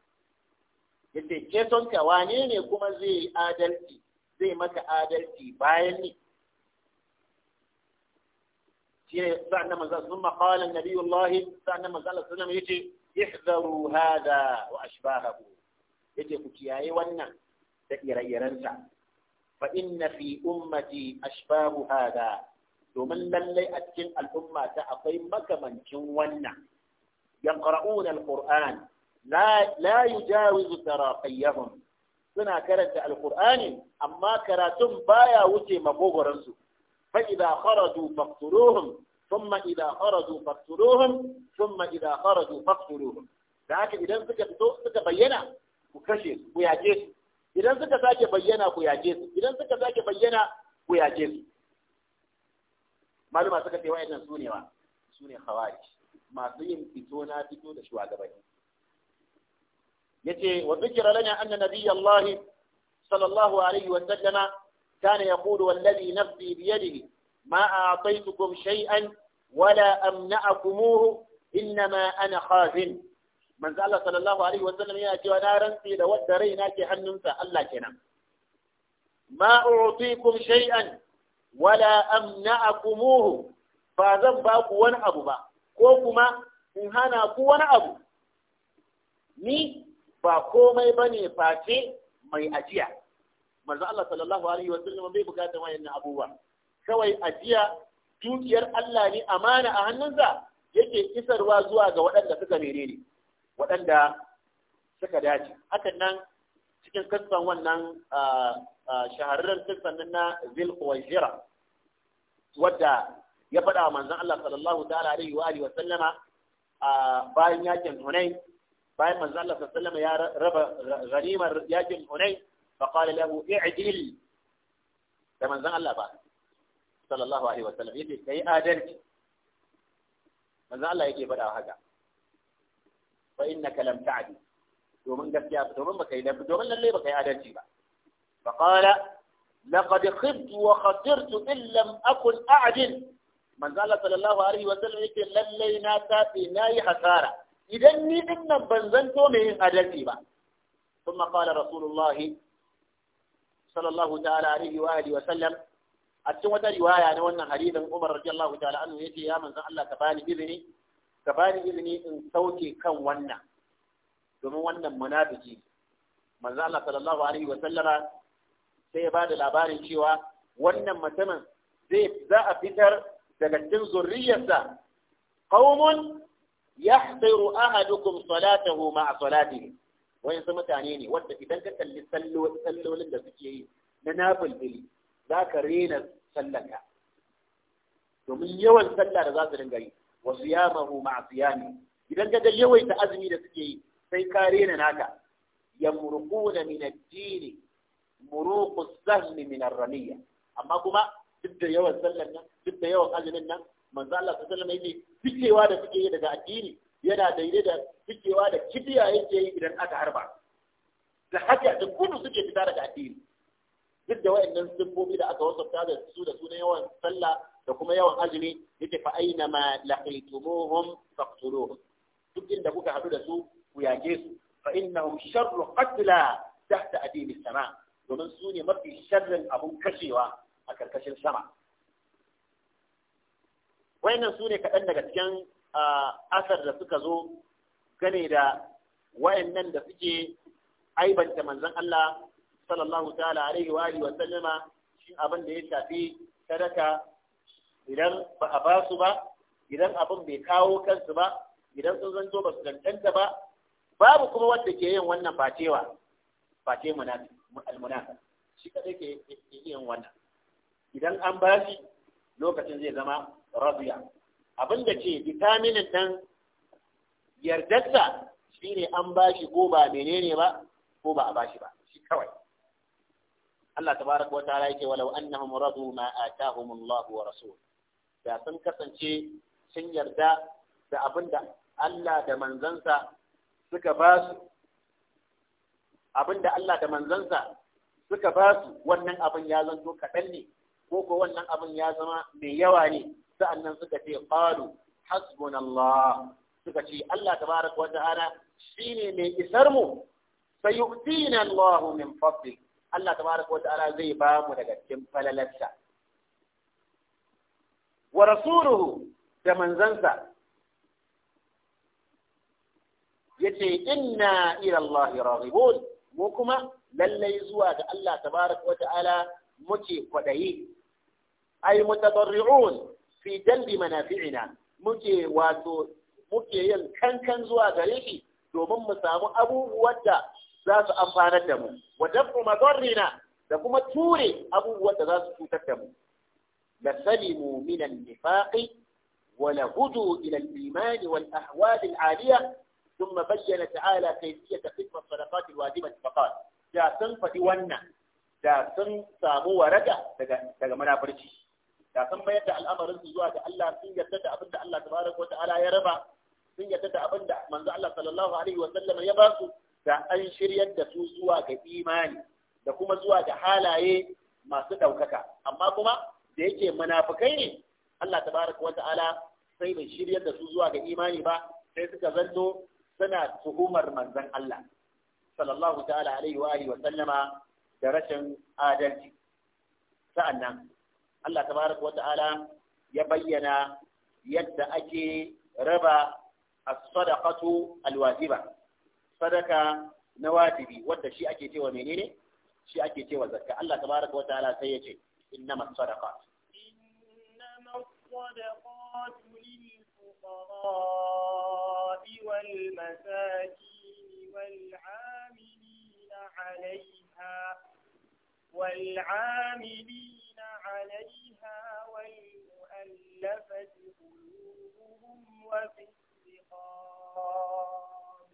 yace ke tonka wane ne kuma zai adalci zai maka adalci bayan ni shi ne sa'an da manzo sun maqalan nabiyullahi sa'an da manzo sallallahu alaihi yace ihzaru hada wa ashbahahu yace ku kiyaye wannan da ire-irensa fa inna fi ummati ashbahu hada domin lallai a cikin al'umma ta akwai makamancin wannan yaqra'una alquran la la yujawizu taraqiyahum suna karanta Al-ƙur'ani, amma karatun baya wuce magogoran su fa idza kharaju faqtuluhum thumma idza kharaju faqtuluhum thumma idza kharaju faqtuluhum da haka idan suka fito suka bayyana ku kashe su ku yaje su idan suka sake bayyana ku yaje su idan suka sake bayyana ku yaje su maluma suka ce wa'annan su ne wa su ne khawarij masu yin fito na fito da shugabanni yace wa dhikra lana anna nabiyallahi sallallahu alaihi wa sallama kana yaqulu wallazi nafsi bi yadihi ma a'taytukum shay'an wala amna'akumuhu innama ana khazin manzo Allah sallallahu alaihi wa sallam yana cewa na rantsi da wadda raina ke hannunsa Allah kenan ma u'tikum shay'an wala amna'akumuhu ba zan ba ku wani abu ba ko kuma in hana ku wani abu ni ba komai bane face mai ajiya manzo Allah sallallahu alaihi wa sallam bai bukatar na abubuwa kawai ajiya dukiyar Allah ne amana a hannunsa yake isarwa zuwa ga waɗanda suka menene waɗanda suka dace hakan nan cikin kasan wannan ah, shahararren kisan na zil wajira wadda ya faɗa wa manzan Allah sallallahu ta'ala alaihi wa alihi wa a bayan yakin Hunain bayan manzan Allah sallallahu ya raba ganimar yakin Hunain fa qala lahu i'dil da manzan Allah ba sallallahu alaihi wa sallam kai adalci Manzan Allah yake faɗa haka fa innaka lam ta'dil domin gaskiya domin baka yi domin lalle baka yi adalci ba فقال لقد خبت وخسرت إن لم أكن أعدل من قال صلى الله عليه وسلم يقول للي ناتاتي ناي حسارة إذا ني إن بنزنتو من أدلتي با ثم قال رسول الله صلى الله تعالى عليه وآله وسلم أتم رواية نوانا حديث عمر رضي الله تعالى عنه يتي يا من قال الله كباني إذني كباني إذني إن صوتي كان ونا domin wannan munafiki manzo Allah sallallahu alaihi wa sallama sai ya ba da labarin cewa wannan mutumin zai za a fitar daga cikin zurriyarsa qaumun yahdiru ahadukum salatahu ma'a salatihi wayan su mutane ne wanda idan ka kalli sallolin da suke yi na nafilfili za ka rena sallaka. domin yawan sallah da za su dinga yi wa siyamahu ma'a siyami idan ka ga yawaita azumi da suke yi sai ka rena naka yamruquna min ad-dini furuqus sahmi min ar-ramiyya amma kuma duk da yawan sallan nan duk da yawan azumin nan manzo Allah sallallahu alaihi wasallam da suke daga addini yana daidai da ficewa da kibiya yake idan aka harba da haka da kudu suke fita daga addini duk da wayannan siffofi da aka wasafta da su da su yawan sallah da kuma yawan azumi yake fa aina ma laqitumuhum faqtuluhum duk inda kuka haɗu da su ku yage su fa innahum sharru qatla tahta addinin sama domin su ne mafi sharrin abun kashewa a karkashin sama wayannan su ne kaɗan daga cikin asar da suka zo gane da wayannan da suke aibanta manzon Allah sallallahu ta'ala alaihi wa alihi wa sallama shi abin da ya shafi sadaka idan ba a ba su ba idan abin bai kawo kansu ba idan sun zanto ba su ba babu kuma wanda ke yin wannan fatewa face munafiki almunafas shi kadai ke yin wannan idan an bashi lokacin zai zama rabiya da ce vitaminin nan yardarsa ne an bashi ko ba menene ba ko ba a ba shi ba shi kawai Allah tabaraka wa ta'ala yake walau annahum radu ma atahum Allah wa rasul da sun kasance sun yarda da da Allah da manzansa suka ba su Abin da Allah da manzansa suka ba su wannan abin ya zanto kaɗan ne ko ko wannan abin ya zama mai yawa ne sa'annan suka ce qalu Allah, suka ce Allah tabaraka wa ta'ala shine mai isar mu sayu'tina Allahu min fadli Allah tabaraka wata ana zai ba mu daga cikin falalarsa wa rasuluhu da manzansa yace inna ila Allahi raghibun mu kuma lallai zuwa ga Allah tabaraka wata'ala muke kwadayi ay mutadarri'un fi jalbi manafi'ina muke wato muke yin kankan zuwa gare shi domin mu samu abubuwan da za su amfanar da mu wa dafu madarrina da kuma ture abubuwan da za su cutar da mu la salimu min nifaqi wa la hudu ila al-iman wal ahwal al-aliyah ثم بين تعالى كيفية قسم الصدقات الواجبة فقال da sun faɗi wannan da sun samu waraka daga munafurci da sun mayar da al'amarin su zuwa ga Allah sun yarda da abin Allah ya raba sun yarda da abin da manzo Allah ya ba su da an shiryar da su zuwa ga imani da kuma zuwa ga halaye masu ɗaukaka amma kuma da yake munafukai ne Allah sai bai shiryar da su zuwa ga imani ba sai suka zanto suna tuhumar manzan Allah sallallahu ta'ala alaihi wa alihi wa sallama da rashin adalci Sa'an nan, Allah tabaraka wa ta'ala ya bayyana yadda ake raba as-sadaqatu al-wajiba sadaka na wajibi wanda shi ake cewa menene shi ake cewa zakka Allah tabaraka wa ta'ala sai ya ce innamas sadaqat innamas sadaqatu lil fuqara والمساكين والعاملين عليها والعاملين عليها والمؤلفة قلوبهم وفي الرقاب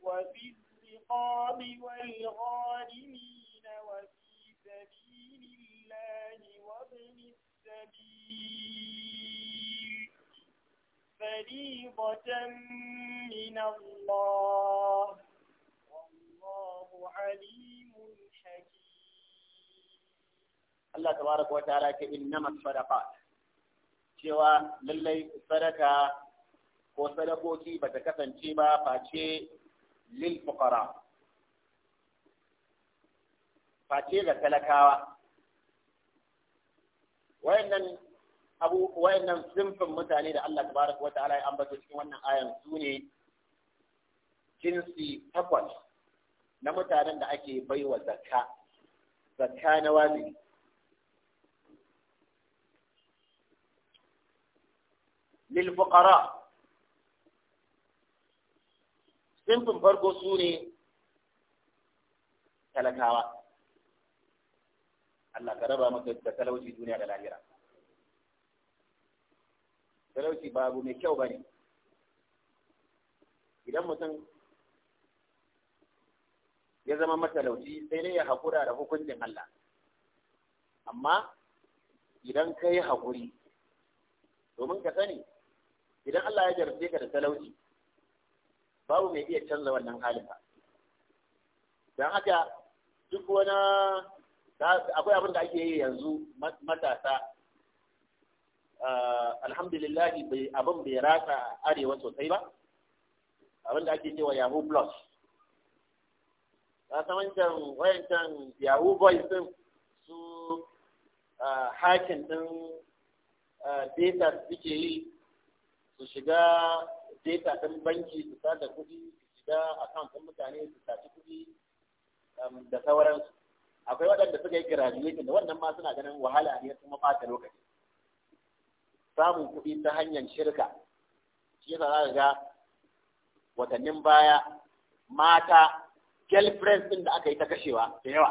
وفي الرقاب والغارمين وفي سبيل الله وابن السبيل فريضة من الله والله عليم حكيم الله تبارك وتعالى إنما الصدقات cewa lallai sadaka ko sadakoki ba ta kasance ba face lil fuqara face ga talakawa wayannan abu wayannan simfin mutane da Allah tabaraka wata'ala ya ambata cikin wannan ayan su ne jinsi takwas na mutanen da ake baiwa zakka zakka na wani lil fuqara simfin farko su ne talakawa Allah ka raba maka da talauci duniya da lahira talauci ba abu mai kyau ba ne idan mutum ya zama matalauci sai dai ya haƙura da hukuncin Allah amma idan ka yi haƙuri domin ka sani idan Allah ya jarfe ka da talauci babu mai iya canza wannan halin ba don haka duk wani akwai abin da ake yi yanzu matasa alhamdulillah abin bai rasa arewa sosai ba abin da ake cewa yahoo plus ta wancan wayancan yahoo boys din su ah, hakin din ah, data suke yi su shiga data din banki su sata kuɗi su shiga account din mutane su saci kuɗi da sauransu akwai waɗanda suka yi graduation da wannan ma suna ganin wahala ne kuma ɓata lokaci samun kuɗi ta hanyar shirka shi yasa za ga watannin baya mata girlfriends ɗin da aka yi ta kashewa da yawa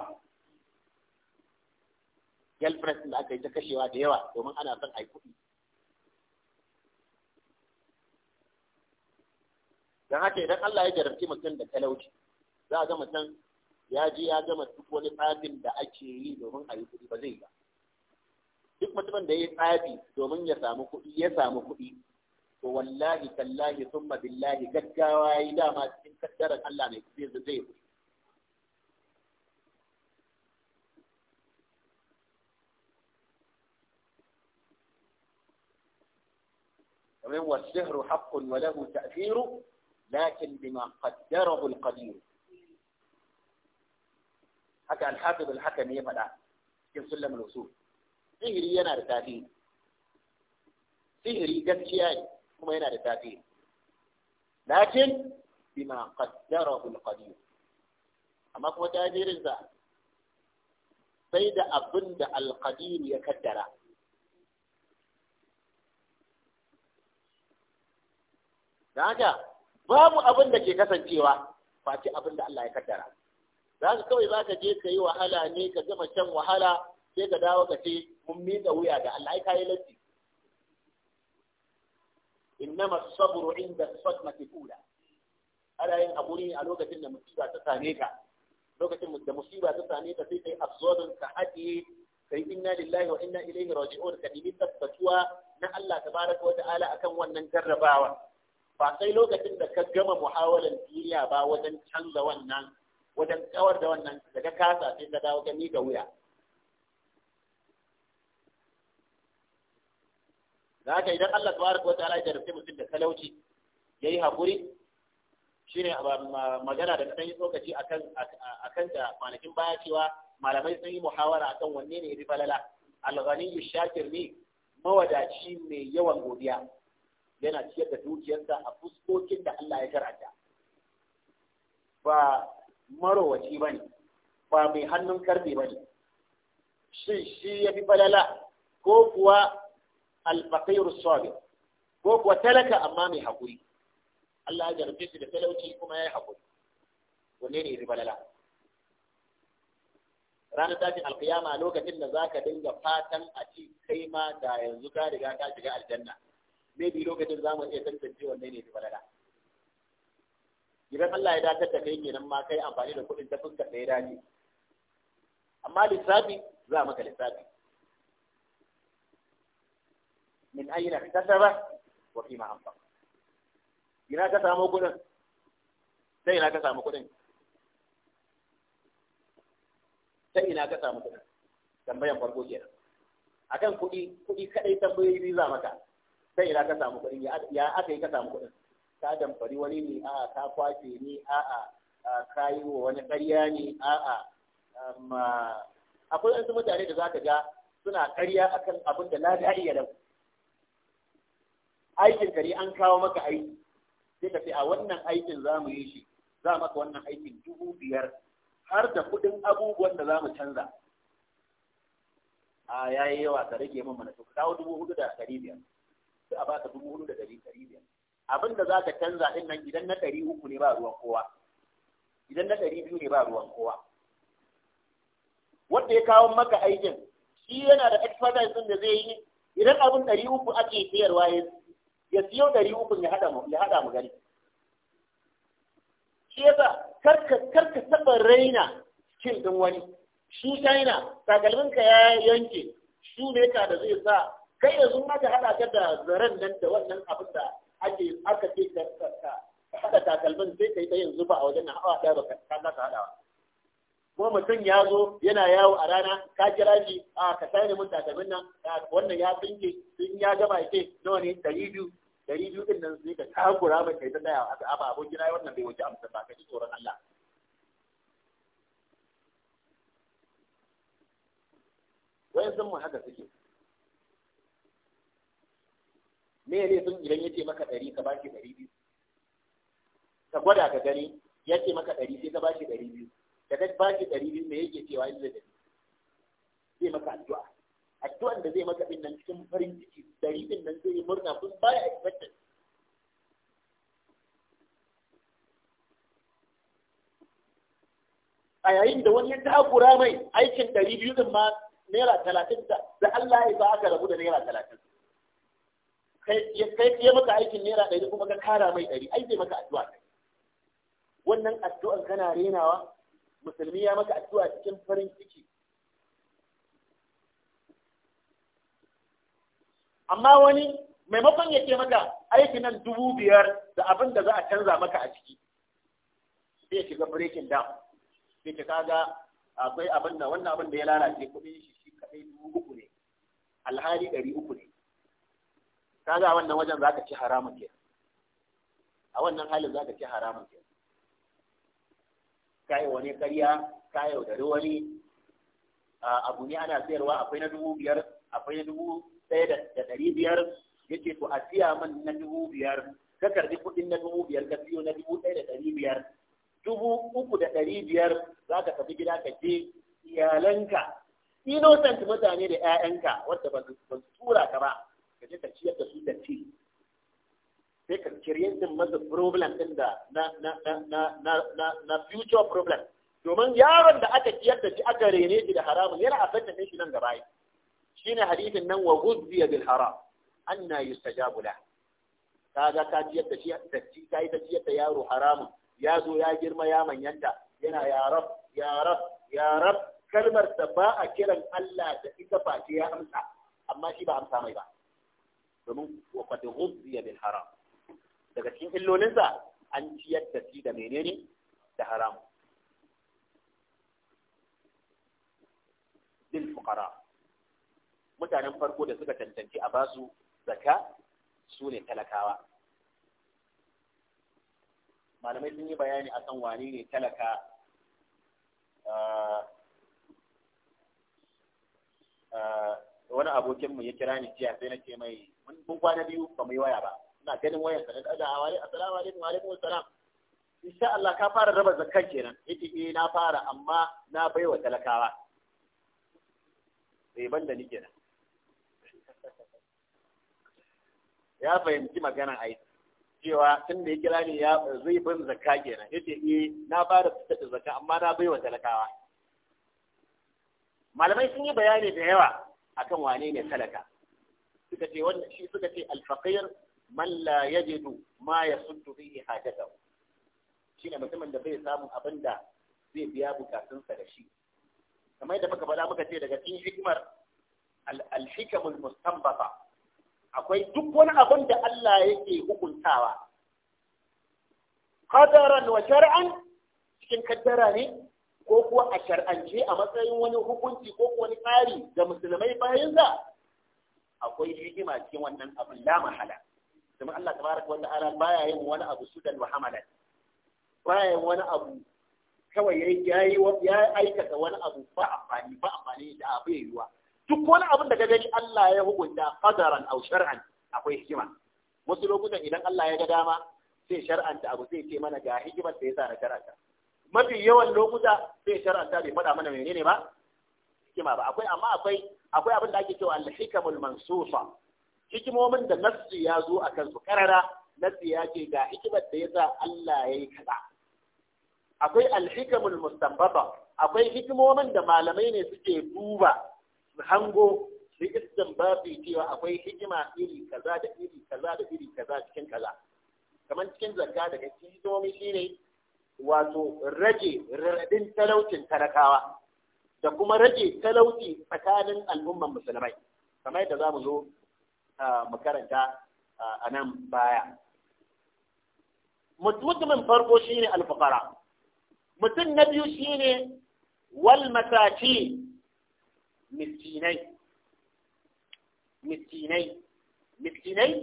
girlfriends ɗin da aka yi ta kashewa da yawa domin ana son a yi kuɗi don haka idan Allah ya jarabci mutum da talauci za a ga mutum ya je ya gama duk wani tsafin da ake yi domin a yi kuɗi ba zai ba duk mutumin da ya tsabi domin ya samu kuɗi ya samu kuɗi to wallahi tallahi summa billahi gaggawa yayi dama cikin kaddaran Allah ne zai zai ومن والسحر حق وله تأثير لكن بما قدره القدير حتى الحافظ ya fada cikin sulamul usul sihiri yana da tasiri sihiri gaskiya ne kuma yana da tasiri lakin bima qaddara al-qadir amma kuma tajirin sa sai da abin da al-qadir ya kaddara Daga babu abin da ke kasancewa face abin da Allah ya kaddara. Za ka kawai za ka je ka yi wahala ne ka gama can wahala sai ka dawo ka ce mun miƙa wuya ga Allah ai kayi latti innama sabru inda sadmati kula ana yin hakuri a lokacin da musiba ta same ka lokacin da musiba ta same ka sai kai absorbin ka haɗe kai inna lillahi wa inna ilaihi raji'un ka nemi tabbatuwa na Allah tabaraka wa ta'ala akan wannan jarrabawa ba sai lokacin da ka gama muhawalan duniya ba wajen canza wannan wajen kawar da wannan daga kasa sai ka dawo gani ga wuya da haka idan Allah tabaraka wa ta'ala ya jarabce mutum da talauci yayi hakuri shine magana da kan yi tsokaci akan akan da kwanakin baya cewa malamai sun yi muhawara akan wanne ne yafi falala al ghani shakir ne mawadaci mai yawan godiya yana ciyar da dukiyarsa a fuskokin da Allah ya karanta. ba marowaci bane ba mai hannun karbe bane shin shi yafi falala ko kuwa al-faqirus sabir ko kuwa talaka amma mai hakuri Allah ya jarfe shi da talauci kuma ya yi hakuri wanne ne ribalala ranar tashin alkiyama lokacin da za ka dinga fatan a ci kai ma da yanzu ka riga ka shiga aljanna maybe lokacin za mu iya tantance wanne ne ribalala idan Allah ya dakatar da kai kenan ma kai amfani da kuɗin ta fuskar da ya dace amma lissafi za maka lissafi min aina iktasaba wa fima anfa ina ka samu kuɗin sai ina ka samu kuɗin sai ina ka samu kuɗin tambayan farko kenan kan kuɗi kuɗi kaɗai tambayoyi biyu za maka sai ina ka samu kuɗin ya aka yi ka samu kuɗin ka damfari wani ne a'a ka kwace ne a'a ka yi wa wani ƙarya ne a'a akwai wasu mutane da za ka ga suna ƙarya akan abin da la da'i ya lau aikin gari an kawo maka aiki sai ka ce a wannan aikin za mu yi shi za maka wannan aikin dubu biyar har da kuɗin abubuwan da za mu canza a ya yi yawa ka rage min mana ka kawo dubu hudu da ɗari biyar sai a baka dubu hudu da ɗari ɗari biyar abin da za ka canza ɗin nan idan na ɗari uku ne ba ruwan kowa idan na ɗari biyu ne ba ruwan kowa wanda ya kawo maka aikin shi yana da expertise ɗin da zai yi idan abin ɗari uku ake sayarwa yanzu ya siyo ɗari uku ya haɗa mu ya haɗa mu gari shi yasa karka karka taɓa raina skill ɗin wani shi china takalminka ya yanke shi ne ka da zai sa kai yanzu ma ka haɗa ka da zaren nan da wannan abin da ake aka ce ka haɗa takalmin sai kai ta yanzu ba a wajen na hawa ɗaya ba ka za ka haɗawa kuma mutum ya zo yana yawo a rana ka kira shi a ka sani mun takalmin nan wannan ya tsinke in ya gaba ya ce nawa ne ɗari biyu dari biyu din nan sai ka takura ba kai ta daya a ba abokina ya wannan bai wuce amsa ba ka tsoron Allah wai san mu haka suke me ne sun idan yace maka ɗari ka baki ɗari biyu ka gwada ka gani yace maka ɗari sai ka baki ɗari biyu da ka baki ɗari biyu me yake cewa yanzu da zai maka addu'a addu'an da zai maka din nan cikin farin ciki dari din nan zai murna kun baya expected a yayin da wani ya takura mai aikin ɗari biyu din ma naira talatin da Allah ya sa aka rabu da naira talatin kai ya maka aikin naira ɗari kuma ka kara mai ɗari ai zai maka addu'a wannan addu'an kana renawa musulmi ya maka addu'a cikin farin ciki amma wani maimakon ya ke maka aiki nan dubu biyar da abin da za a canza maka a ciki zai shiga breaking down sai ka kaga akwai abin da wannan abin da ya lalace kuɗin shi shi kaɗai dubu uku ne alhali ɗari uku ne kaga wannan wajen za ka ci haramun ke a wannan halin za ka ci haramun ke kayi wani karya ka yaudari wani abu ne ana sayarwa akwai na dubu biyar akwai na dubu ɗaya da ɗari biyar yace to a siya man na dubu biyar ka karbi kuɗin na dubu biyar ka siyo na dubu ɗaya da ɗari biyar dubu uku da ɗari biyar za ka tafi gida ka je iyalanka innocent mutane da 'ya'yanka wadda ba su tura ka ba ka je ka ciyar da su da ci sai ka creating masa problem ɗin da na na na na na future problem domin yaron da aka ciyar da shi aka rene shi da haramun yana affecting shi nan gaba هنا حديث أنه وغذي بالحرام أنه يستجاب له هذا كان يتجيب تيار حرام يا ذو يا جرم يا من ينتع يا رب يا رب يا رب كلمة سباء كلم ألا تتبع فيها أمسع أما شبه أمسع ميبع ثم وقد غذي بالحرام تكتين إلو ننسى أنت يتجيب منيني تهرام للفقراء mutanen farko da suka tantance a basu zaka su ne talakawa malamai sun yi bayani a san wani ne talaka ah, ah, wani abokinmu ya kira ni jiya sai na ke mai mun kwana biyu ba mu yi waya ba ina ganin wayar sa na kada awali assalamu alaikum wa alaikum assalam insha Allah ka fara raba zakkan kenan yace eh na fara amma na baiwa talakawa sai da ni kenan ya fahimci magana ai cewa tun da ya kira ni ya zai bin zakka kenan yace eh na ba da zakka amma na baiwa talakawa malamai sun yi bayani da yawa akan wane ne talaka suka ce wannan shi suka ce al-faqir man la yajidu ma yasuddu bihi hajatahu shine mutumin da bai samu abin da zai biya bukatunsa da shi kamar yadda muka faɗa muka ce daga cikin hikimar al-hikamul mustanbata akwai duk wani abin da Allah yake hukuntawa qadaran wa shar'an cikin kaddara ne ko kuwa a shar'ance a matsayin wani hukunci ko wani tsari ga musulmai bayan za akwai hikima cikin wannan abin la mahala kuma Allah tabaraka wa ta'ala baya yin wani abu sudan wa hamalan baya yin wani abu kawai yayi yayi ya aikata wani abu ba amfani ba amfani da abu yayi duk wani abin da ka gani Allah ya hukunta qadaran aw shar'an akwai hikima wasu lokutan idan Allah ya ga dama sai shar'anta abu sai ce mana ga hikimar da yasa na karanta mafi yawan lokuta sai shar'anta bai faɗa mana menene ba hikima ba akwai amma akwai akwai abin da ake cewa al-hikamul mansufa hikimomin da nassi ya zo a kansu karara nassi ya ce ga hikimar da yasa Allah ya yi kaza akwai al-hikamul mustanbata akwai hikimomin da malamai ne suke duba hango su istin babu cewa akwai hikima iri kaza da iri kaza da iri kaza cikin kaza kamar cikin zakka daga hikimomi shine wato rage raradin talaucin talakawa da kuma rage talauci tsakanin al'umman musulmai kamar yadda za mu zo mu karanta a nan baya mutumin farko shine alfukara mutum na biyu shine wal mataki miskinai miskinai miskinai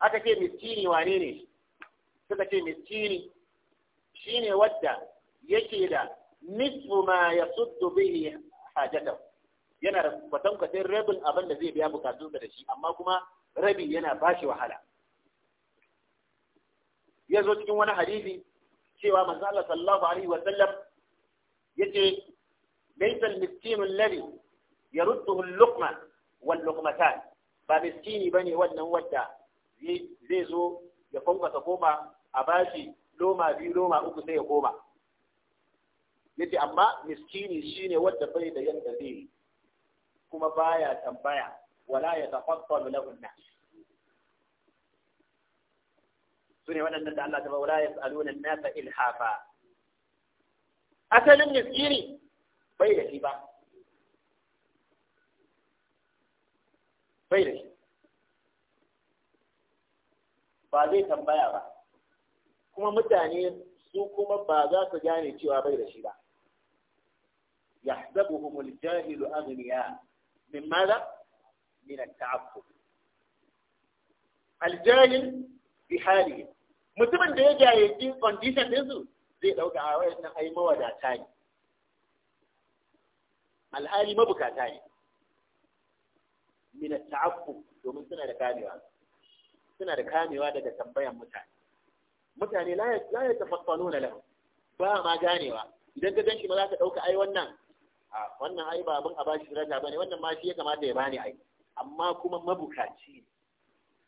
aka ce miskini wane ne suka ce miskini shine wadda yake da nisfu ma yasuddu bihi hajatahu yana da kwatankwacin rabin abin da zai biya bukatu da shi amma kuma rabi yana ba shi wahala ya zo cikin wani hadisi cewa manzo Allah sallallahu alaihi wa sallam yace laysa al-miskin alladhi yarudduhu al-luqma wal luqmatan ba miskini ba ne wannan wadda zai zo ya kwankwasa koma a bashi loma biyu loma uku sai ya koma Ya yace amma miskini shi ne wadda bai da yadda zai kuma baya tambaya wala ya tafaddalu lahu an Su ne waɗannan da Allah ta wala yas'aluna an-nasa ilhafa asalin miskini bai da shi ba bai da shi ba zai tambaya ba kuma mutane su kuma ba za su gane cewa bai da shi ba ya jahilu الجاهل min من min من aljahil bi بحاله mutumin da ya jayyaci condition ɗinsu zai ɗauka a wayan nan ai mawadata ne alhali mabukata ne min ta'affuf domin suna da kamewa suna da kamewa daga tambayan mutane mutane la ya la yatafakkaruna lahu ba ma ganewa idan ka ganshi ma za ka dauka ai wannan wannan ai ba abin a bashi daraja bane wannan ma shi ya kamata ya bani ai amma kuma mabukaci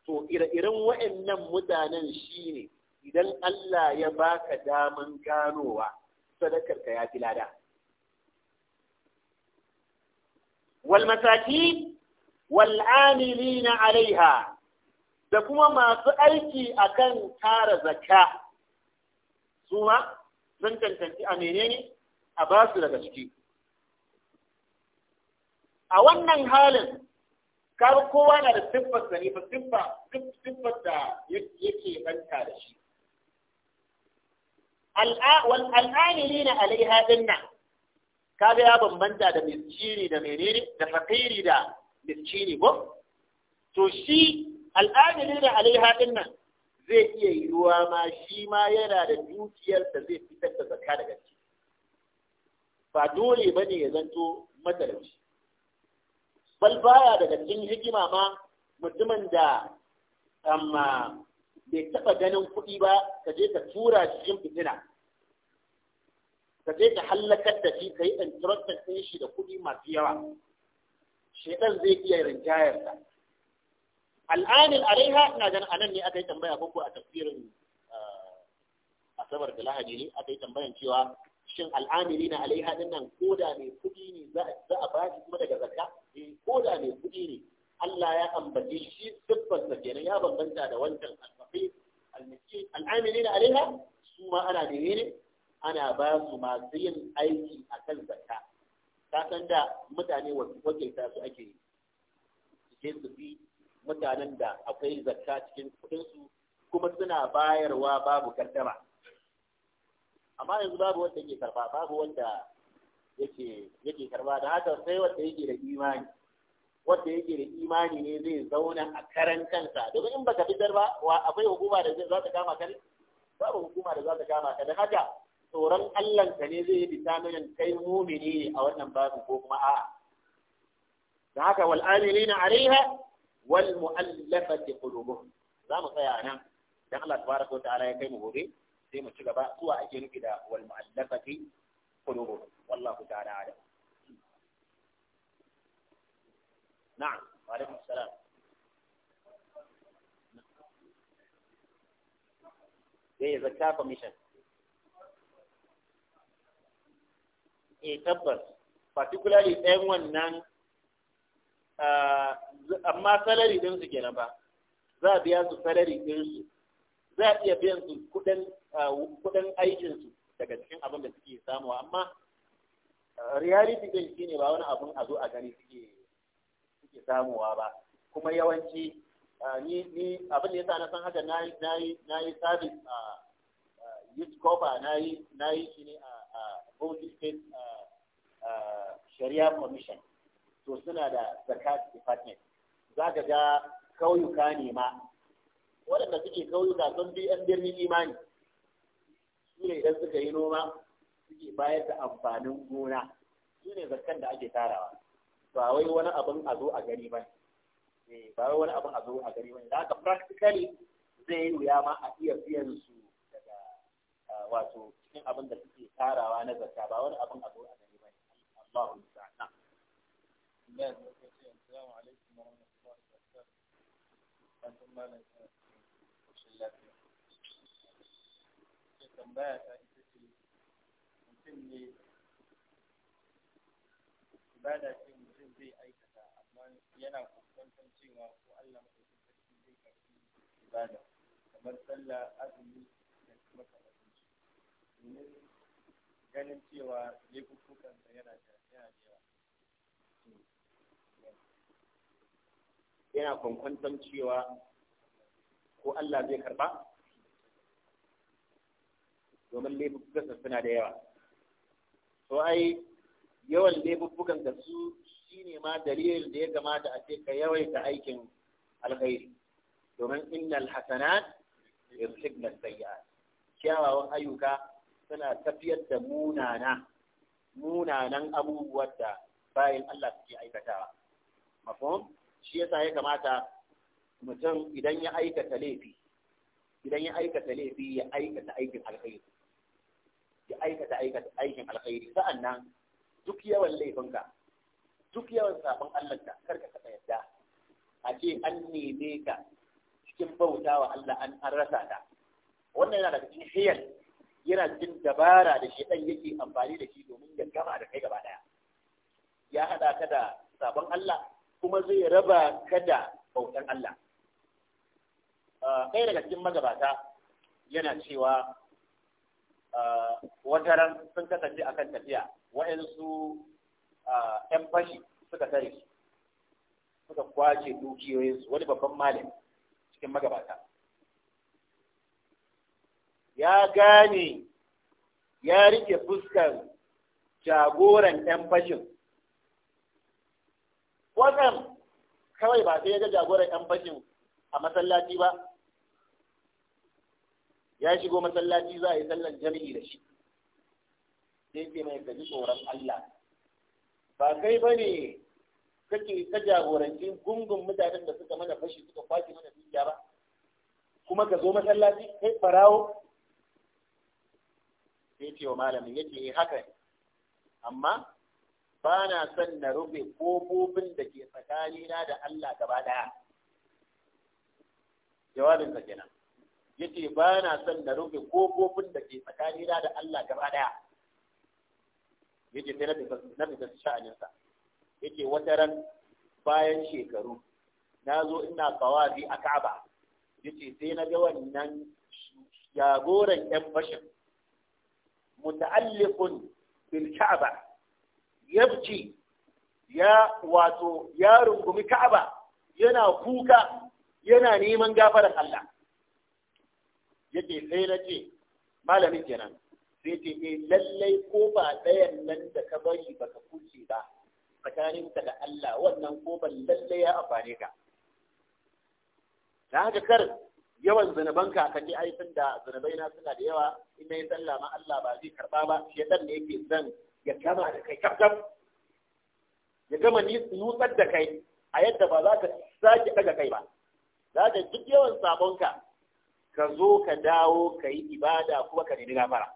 to ire-iren waɗannan mutanen shine idan Allah ya baka daman ganowa sadakar ka ya fi lada wal masakin والعاملين عليها da kuma masu aiki akan tara zakka su ma sun cancanci a menene a ba su daga ciki a wannan halin kaga kowa na da siffar da ne ba siffar da yake banta da shi al'amili na alaiha nan, kaga ya bambanta da miskini da menene da faƙiri da miskini ba to shi al'adar da alaiha din nan zai iya yi ruwa ma shi ma yana da dukiyar da zai fitar da zakka daga ciki ba dole ba ne ya zanto matalauci bal baya daga cikin hikima ma mutumin da amma bai taɓa ganin kuɗi ba kaje je ka tura cikin fitina ka je ka hallakar da shi ka yi ɗan shi da kuɗi masu yawa shedan zai iya rinjayar ta al'anil alaiha ina ganin anan ne aka yi tambaya koko a tafsirin ah, asabar da lahadi ne aka yi tambayan cewa shin al'amiri na alaiha din nan ko da mai kuɗi ne za a bashi kuma daga zakka eh, ko da mai kuɗi ne Allah ya ambace shi siffar sa kenan ya bambanta da wancan alfafi almiskin al'amiri na alaiha su ma ana da ne ana ba su masu yin aiki akan mutanen da mutane wakilta su ake cikin su fi mutanen da akwai zakka cikin kudinsu kuma suna bayarwa babu kardama amma yanzu babu wanda yake karba babu wanda yake karba da haka sai wanda yake da imani wanda yake da imani ne zai zauna a karan kansa domin in baka fitar ba akwai hukuma da zai za ta kama ka babu hukuma da za ta kama ka da haka tsoron Allahnka ne zai yi bitamin kai mumini a wannan babu ko kuma a. da haka wal amilina alaiha wal mu'allafati qulubuhum za mu tsaya nan dan Allah tabaraka wa ta'ala ya kai mu gobe sai mu ci gaba zuwa a ke nufi da wal mu'allafati qulubuhum wallahu ta'ala alam na'am wa alaikum assalam zai zakka commission ke eh, tabbas particularly ɗayan wannan ah, amma salari din su gina ba za a biya su salari din su za a iya biyan su kuɗin ah, kuɗin aikin su daga cikin abin da suke samuwa amma ah, reality din shine ba wani abun a zo a gani suke suke samuwa ba kuma yawanci ni ni abin da yasa na san haka nayi nayi nayi service a youth cover nayi nayi shi ne a Bauchi State shari'a commission to suna da zakat department za ka ga kauyuka ne ma waɗanda suke kauyuka sun bi yan birnin imani su ne idan suka yi noma suke bayar da amfanin gona su ne zakan da ake tarawa ba wai wani abin a zo a gari ba eh, ba wai wani abin a zo a gari ba da haka practically zai yi wuya ma a iya biyan su daga wato cikin abin da suke tarawa na zakka ba wani abin a zo a gari الله تعالى نعم السلام عليكم ورحمة الله وبركاته أنتم مالك وشلاتي tambaya ta ita ce mutum ne ibada ce mutum zai aikata amma yana kokwantar cewa ko Allah mai sarki kamar sallah azumi da domin ganin cewa laifukansa yana da yana kwankwanton cewa ko Allah zai karba domin laifuffukansa suna da yawa to ai yawan laifukan da su shine ma dalilin da ya kamata a ce ka yawaita aikin alkhairi domin innal hasanat yusibna sayyi'at kyawawan ayyuka suna tafiyar da munana munanan abubuwan da bayan Allah suke aikatawa mafhum shi yasa ya kamata mutum idan ya aikata laifi idan ya aikata laifi ya aikata aikin alkhairi ya aikata aikata aikin alkhairi sa'annan duk yawan laifinka duk yawan sabon Allah ka karka ka yadda a ce an neme ka cikin bauta wa Allah an rasa ta wannan yana daga cikin hiyar yana cikin dabara da shi dan yake amfani da shi domin ya gama da kai gaba daya ya hada ka da sabon Allah kuma zai raba ka da bautan Allah ɗaya daga cikin magabata yana cewa wata ran sun kasance a kan tafiya wa'yansu ‘yan fashi suka tare su suka kwace dukiyoyinsu wani babban malami cikin magabata ya gane ya rike fuskar jagoran ‘yan fashin wannan kawai ba sai ya ga jagoran yan fashin a masallaci ba ya shigo masallaci za a yi sallan jami'i da shi sai ce mai gaji tsoron Allah ba kai ba ne kake ta jagorancin gungun mutanen da suka mana fashi suka kwaki mana dukiya ba kuma ka zo masallaci kai farawo sai ce wa malamin yake eh, haka amma ba na son na rufe ƙofofin da ke tsakanina da Allah gaba ɗaya. Jawabin sa kenan. ce ba na son na rufe ƙofofin da ke tsakanina da Allah gaba ɗaya. ce sai na fita sha'aninsa. ce wata ran bayan shekaru na zo ina kawafi a Ka'aba. ce sai na ga wannan jagoran 'yan bashin muta'alliqun bil Ka'aba yabci ya wato ya rungumi ka'aba yana kuka yana neman gafarar Allah yake sai na ce malamin kenan sai ce eh lallai ko ba ɗayan nan da ka bari ba ka kuce ba tsakaninta da Allah wannan koban lallai ya amfane ka da haka kar yawan zunubanka ka kaje ai tunda da na suna da yawa in nayi sallah ma Allah ba zai karba ba shedan ne yake zan ya kama da kai kafkaf ya gama nutsar da kai a yadda ba za ka sake daga kai ba za ka duk yawan sabonka ka zo ka dawo ka yi ibada kuma ka nemi gafara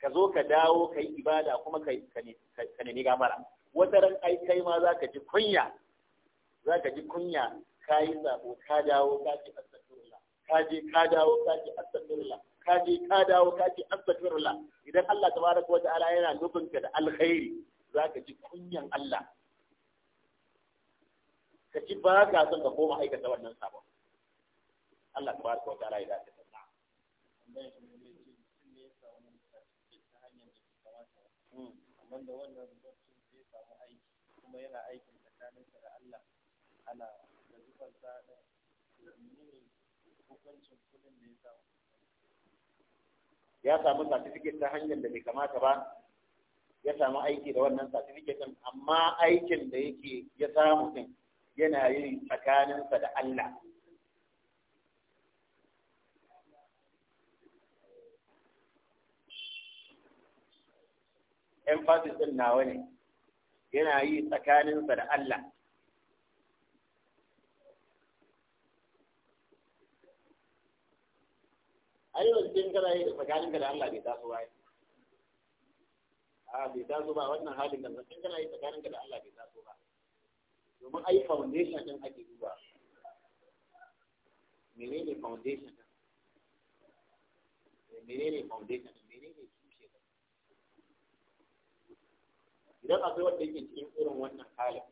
ka zo ka dawo ka yi ibada kuma ka nemi gafara wata ran ai kai ma za ka ji kunya za ka ji kunya ka yi sabo ka dawo ka ce astagfirullah ka je ka dawo ka astagfirullah kaji ka dawo ka ce astaghfirullah idan Allah tabaraka wa ta'ala yana nufin ka da alkhairi zaka ji kunyan Allah ka ji ba ka son ka koma aikata wannan sabon Allah tabaraka wa ta'ala ya kuma yana aikin da Allah ana da da ya samu certificate ta hanyar da bai kamata ba ya samu aiki da wannan certificate amma aikin da yake ya samu din yana yin tsakaninsa da Allah emphasis din nawa ne yana yi tsakaninsa da Allah ai wajen kana yi tsakanin ka da Allah bai taso ba a bai taso ba wannan halin da wajen kana yi tsakanin ka da Allah bai taso ba domin ai foundation din ake duba menene foundation din eh, menene foundation din menene tushe din idan akwai wanda yake cikin irin wannan halin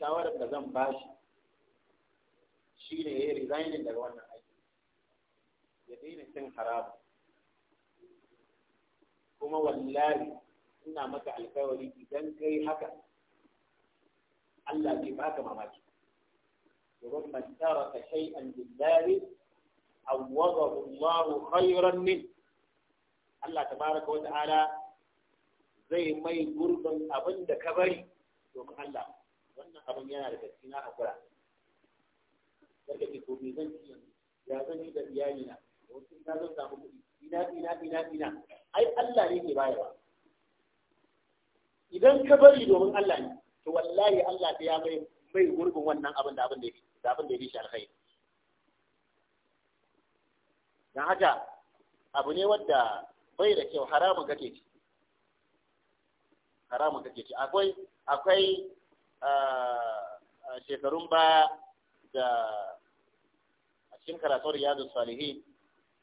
shawarar da zan bashi shi ne ya yi resigning daga wannan aiki ya daina cin haramu kuma wallahi ina maka alkawari idan kai haka Allah zai baka mamaki domin man taraka shay'an lillahi awwadahu Allah khayran min Allah tabaraka wa ta'ala zai mai gurbin abin da ka bari domin Allah wannan abin yana da gaskiya a kura karka ke to me zan ci yanzu ya zan yi da iyalina wasu ina zan samu kuɗi ina ina ina ina ai Allah ne ke bayarwa idan ka bari domin Allah ne to wallahi Allah ta ya mai mai gurbin wannan abin da abin da yake da abin da yake shi alkhairi dan haka abu ne wanda bai da kyau haramun kake ci haramun kake ci akwai akwai ah, ah, shekarun baya da cikin karatun riyadu salihin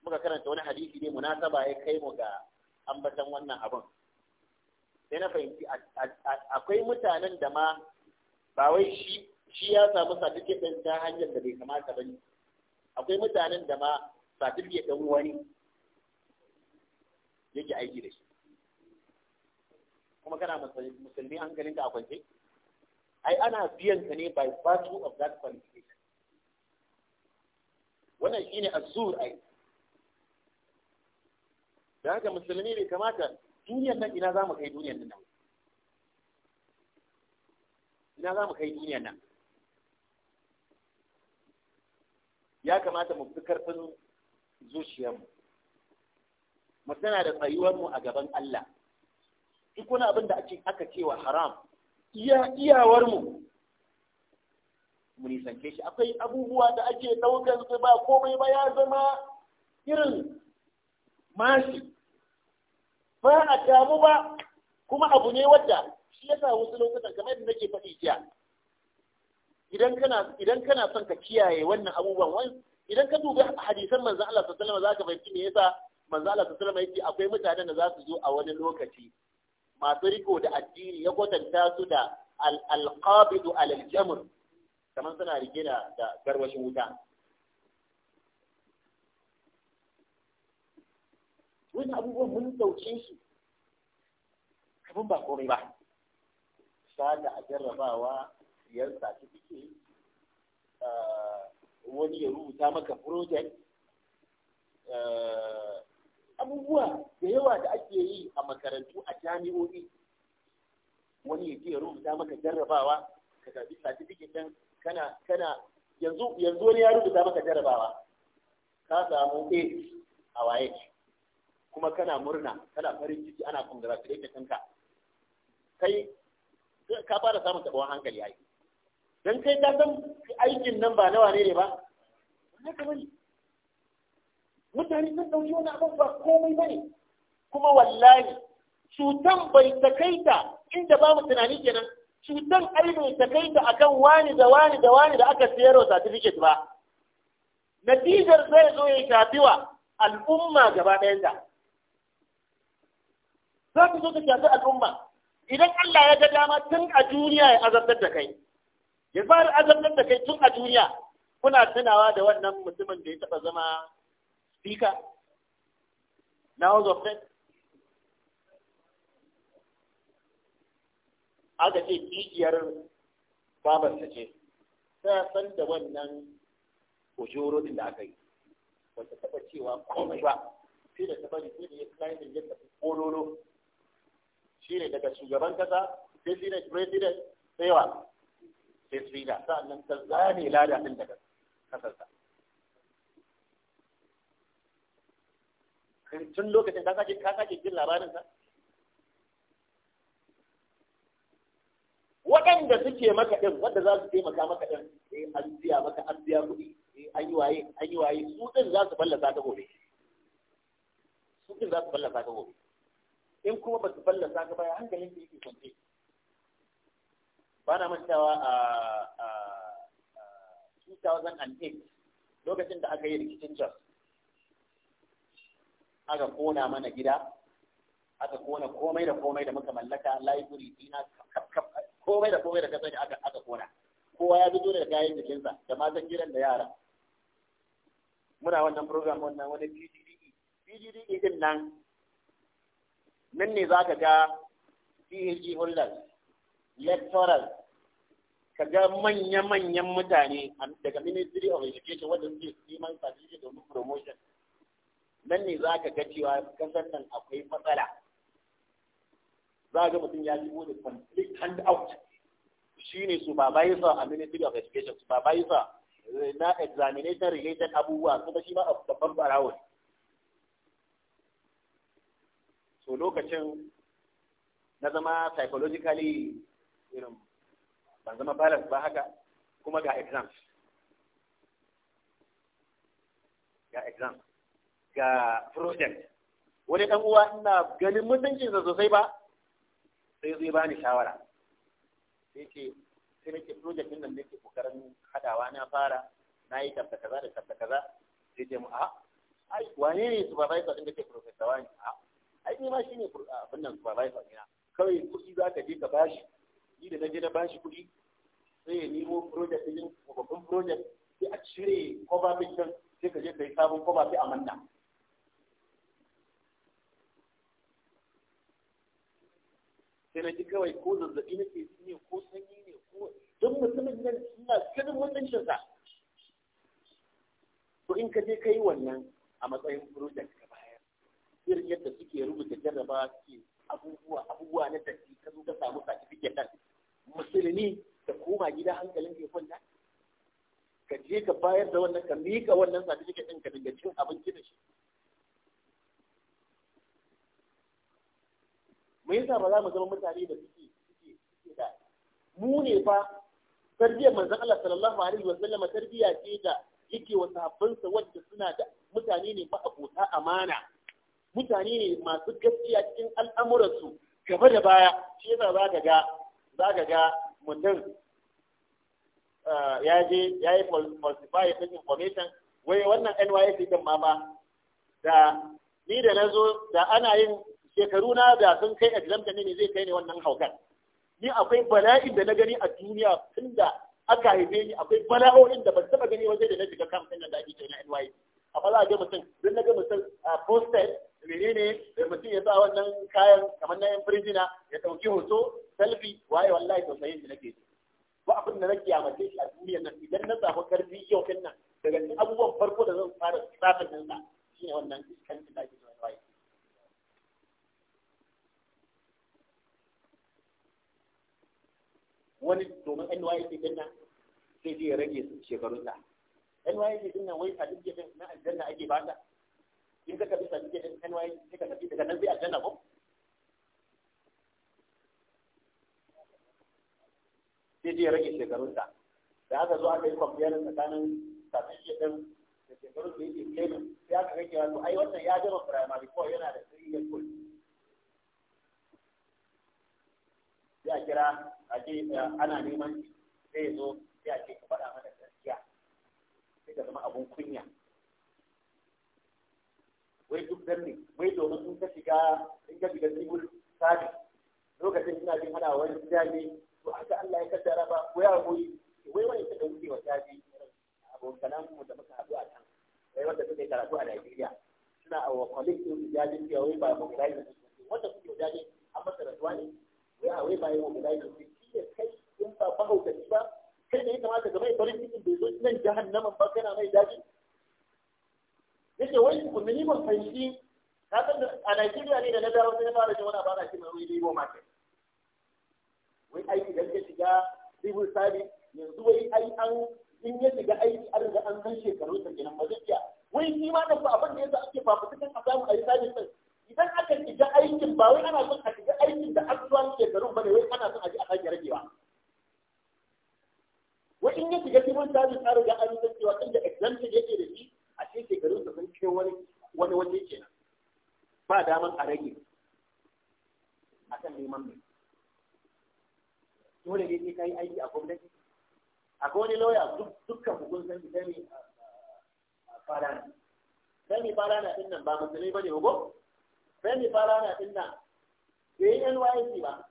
muka karanta wani hadisi ne munasaba ya kai mu ga ambatan wannan abin sai na fahimci akwai mutanen da ma ba wai shi shi ya samu certificate ɗin ta hanyar da bai kamata ba ne akwai mutanen da ma certificate ɗin wani yake aiki da shi kuma kana musulmi ganin ka a kwance ai ana biyan ka ne by virtue of that qualification wannan shi ne Azur ai da haka musulmi bai kamata duniyar nan ina za mu kai duniyar nan ina za mu kai duniyar nan ya kamata mu fi karfin zuciyarmu mu tana da tsayuwarmu a gaban Allah duk wani abin da ake aka cewa haram iya iyawarmu san ke shi akwai abubuwa da ake ɗaukar su ba komai ba ya zama irin mashi ba a damu ba kuma abu ne wadda shi ya sa wasu lokutan kamar yadda nake faɗi jiya idan kana idan kana son ka kiyaye wannan abubuwan wani idan ka duba hadisan manzo Allah sallallahu alaihi wasallam zaka fahimci me yasa manzo Allah sallallahu alaihi wasallam akwai mutanen da za su zo a wani lokaci masu riko da addini ya kwatanta su da al-qabidu al-jamr kamar suna rike da garwashin wuta wani abubuwan mun dauke shi kafin ba komai ba sada a jarrabawa sati certificate eh, wani ya rubuta maka project eh, abubuwa da yawa da ake yi a makarantu a jami'o'i wani ya ya rubuta maka jarrabawa ka zaɓi sati ɗin kana kana yanzu yanzu wani ya rubuta maka jarabawa ka samu A a waye kuma kana murna kana farin ciki ana congratulate ka. kai ka fara samun taɓawan hankali ai dan kai ka san aikin nan ba nawa ne ba ba ka bane mutane sun dauki wani abin ba komai bane kuma wallahi cutan bai takaita inda ba mu tunani kenan cutan ai bai takaita akan wani da wani da wani da aka siyar wa certificate ba natijar zai zo ya shafi wa al'umma gaba ɗayanta za ku zo ta shafi al'umma idan Allah ya ga dama tun a duniya ya azabtar da kai ya fara azabtar da kai tun a duniya kuna tunawa da wannan mutumin da ya taɓa zama speaker na House of aka ce kikiyar babarsa ce ta san da wannan ujuro din da aka yi wata taɓa cewa komai ba sai da taɓa ne sai da ya climbing ya tafi kololo shi ne daga shugaban kasa sai shi ne president tsewa sai tsira sa'annan ta zane lada din daga kasarsa tun lokacin ka sake jin labarin waɗanda suke maka ɗin wanda za su taimaka maka ɗin eh an biya maka an biya kuɗi eh an yi waye an yi waye su ɗin za su fallasa ta gobe su ɗin za su fallasa ta gobe in kuma ba su fallasa ka baya hankalin da yake kwance ba na mantawa a 2008 lokacin da aka yi rikicin jos aka kona mana gida aka kona komai da komai da muka mallaka library dina komai da komai da kasance aka aka kona kowa ya zo da kayan jikinsa da matan gidan da yara muna wannan program wannan wani PGDE PGDE din nan nan ne zaka ga PhD holders lecturers ka ga manya-manyan mutane daga ministry of education wanda suke neman certificate domin promotion nan ne za ka ga cewa kasar nan akwai matsala za ga mutum ya shigo da complete hand out su supervisor a ministry of education supervisor eh, na examination related abubuwa kuma shi ma a babban barawon so lokacin na zama psychologically irin ban zama balance ba haka kuma ga exams ga exams ga project wani dan uwa ina ganin mutuncinsa sosai ba sai zai bani shawara sai ce sai nake project din nan nake kokarin hadawa na fara na yi tabta kaza da tafta kaza sai ce mu a ai wane ne supervisor din da ke professor wani a ai ni ma shine abin nan supervisor ina kawai kuɗi za ka je ka bashi ni da naje na bashi kuɗi sai ya nemo project din babban project sai a cire cover bin sai ka je ka yi sabon cover sai a manna sai na ji kawai ko zazzaɓi na ke ne ko sanyi ne ko don mutumin nan suna ganin wannan sa to in ka je ka yi wannan a matsayin project ka bayar irin yadda suke rubuta jarraba suke abubuwa abubuwa na tafi ka zo ka samu certificate ɗin musulmi da koma gida hankalin ka ya kwanta ka je ka bayar da wannan ka miƙa wannan certificate ɗin ka daga cin abinci da shi Mu yasa ba za mu zama mutane da suke suke suke da mu ne fa tarbiyyar manzon Allah sallallahu alaihi wa sallama tarbiyya ce da yake wa sahabbansa wanda suna da mutane ne ba abota amana mutane ne masu gaskiya cikin al'amuransu gaba da baya shi yasa za ka ga za ka ga mutum ah, ya je ya yi falsify ta information wai wannan NYSC din ma ba da ni da na zo da ana yin shekaru na da sun kai examta ne zai kai ne wannan haukan ni akwai bala'in da na gani a duniya tun da aka haife ni akwai bala'o'in da ban taba gani wajen da na shiga kamfin nan da ake kai na NY a ga mutum don na ga mutum a posted menene da mutum ya sa wannan kayan kamar na yan firjina ya ɗauki hoto selfie waye wallahi tausayin da nake ji ba abin da na kiyamace shi a duniyar nan idan na samu karfi yau kan nan daga abubuwan farko da zan fara tsafin nan shine wannan iskanci da ake wani domin NYC din nan sai je rage shekarun sa NYC din nan wai sadiƙe din na aljanna ake ba ta in ka tafi sadiƙe din NYC sai ka tafi daga nan zai aljanna ko sai je rage shekarun sa da aka zo aka yi kwamfiyar tsakanin sadiƙe din da shekarun da yake kenan sai aka rage cewa to ai wannan ya gama firamare ko yana da three years old sai a kira a ce eh, ana neman zai zo sai a ce ka faɗa mana gaskiya sai ka zama abun kunya wai duk dan ne wai domin in ka shiga in ka shiga civil service lokacin suna jin hana wani jami to haka Allah ya kaddara ba ko ya goyi wai wani suka wuce wa jami abokanan mu da muka haɗu a can wai wanda suka yi karatu a Najeriya suna a wakilin su jami cewa wai ba mu gudanar da su wanda suke jami an masa rasuwa ne wai a wai ba yi mu gudanar da su shi ya kai in ba mahaukaci ba kai da ya kamata ga mai farin cikin bai zo nan jahannaman ba kana mai daji yake wai mummuni ban fanshi ka san a Najeriya ne da na dawo sai na fara jin wani abu ana cewa wai labor market wai ai idan ka shiga civil service yanzu wai ai an in ya shiga aiki an riga an san shekaru ta kenan ba zai iya wai ni ma da abin da yasa ake fafutukan a samu a yi service idan aka shiga aikin ba wai ana son a shiga aikin da an abubuwan shekarun ba ne wai ana son a ji a sake ragewa wa in ya shiga cikin sabis a riga an san cewa tun da yake da shi a cikin shekarun sa sun cikin wani wani waje kenan ba daman a rage a kan neman mai dole ne sai ka aiki a gwamnati akwai wani lauya dukkan hukun san shi a ah, ah, fara na sani fara na din nan ba musulmi ba ne ba? Rami fara na ɗin nan, bai yi NYC ba.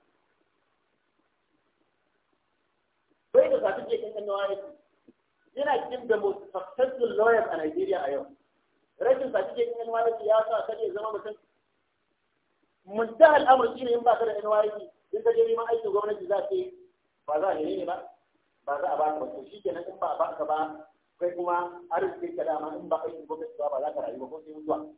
Bai da safi ke kan NYC. Yana cikin da most successful lawyers a Nigeria a yau. Rashin safi ke kan NYC ya sa kare zama mutum. Muntaha al'amur shi in ba ka da NYC, in ka je neman aikin gwamnati za ka yi ba za a nemi ne ba. Ba za a ba ka ba. Shi kenan in ba a ba ka ba, kai kuma arziki ka dama in ba aikin gwamnati ba ba za ka rayu ba ko sai mutuwa.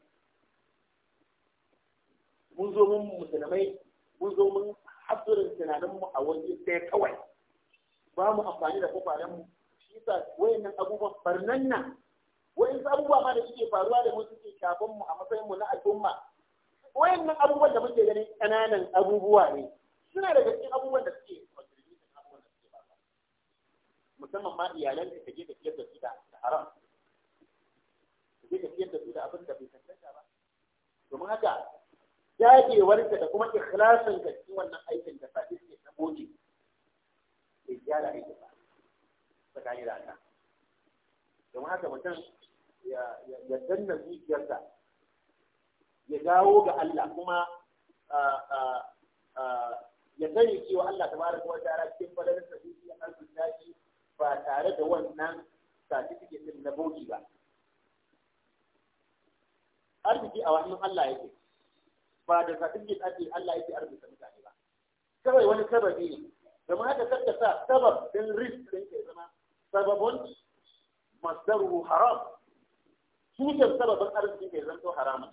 mun zo mun musulmai mun zo mun hasirin tunaninmu a waje sai kawai ba mu amfani da mu shi yasa wayannan abubuwan barnan nan wayansu abubuwa ma da suke faruwa da mu suke shafan mu a matsayin mu na al'umma wayannan abubuwan da muke ganin ƙananan abubuwa ne suna daga cikin abubuwan da suke musamman ma iyalan ka kaje da ciyar da su da haram kaje da ciyar da su da abin da bai tantance ba domin haka dagewarka da kuma ikhlasin ka cikin wannan aikin da sa iske ta boje ya gyara aikin ba tsakani da Allah don haka mutum ya danna zuciyarsa ya dawo ga Allah kuma ya sani cewa Allah tabaraka wa ta'ala cikin fadalar sa shi ya kan shi ba tare da wannan certificate din na boki ba arziki a wannan Allah yake ba da certificate ake Allah yake arzuta mutane ba kawai wani sababi ne domin haka sarka sa sabab ɗin rif ɗin ke zama sababun masdaruhu haram tushen sababin arziki ke zanto haramun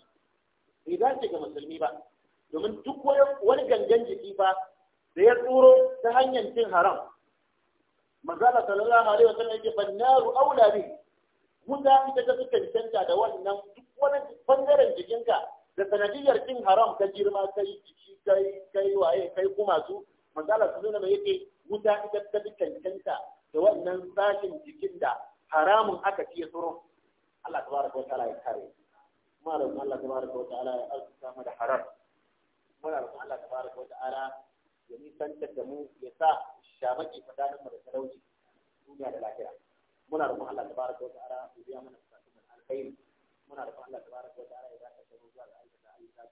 bai dace ga musulmi ba domin duk wani gangan jiki ba da ya tsoro ta hanyar cin haram Mazala sallallahu alaihi wasallam yake fannaru aula bi wuta ita ta suka cancanta da wannan duk wani bangaren jikinka da sanadiyar cin haram ta girma kai jiki kai kai waye kai kuma su manzala su nuna mai yake wuta ita ta bi cancanta da wannan sashin jikin da haramun aka ciye tsoron Allah ta wa wata ya kare kuma da Allah ta wa ta'ala ya alƙa mu da haram muna roƙon Allah baraka wa ala ya nisantar da mu ya sa shamaki fadanin mu da talauci duniya da lafiya. muna roƙon Allah baraka wa ta'ala ya biya mana bukatun alkhairi muna roƙon Allah baraka wata ta'ala ya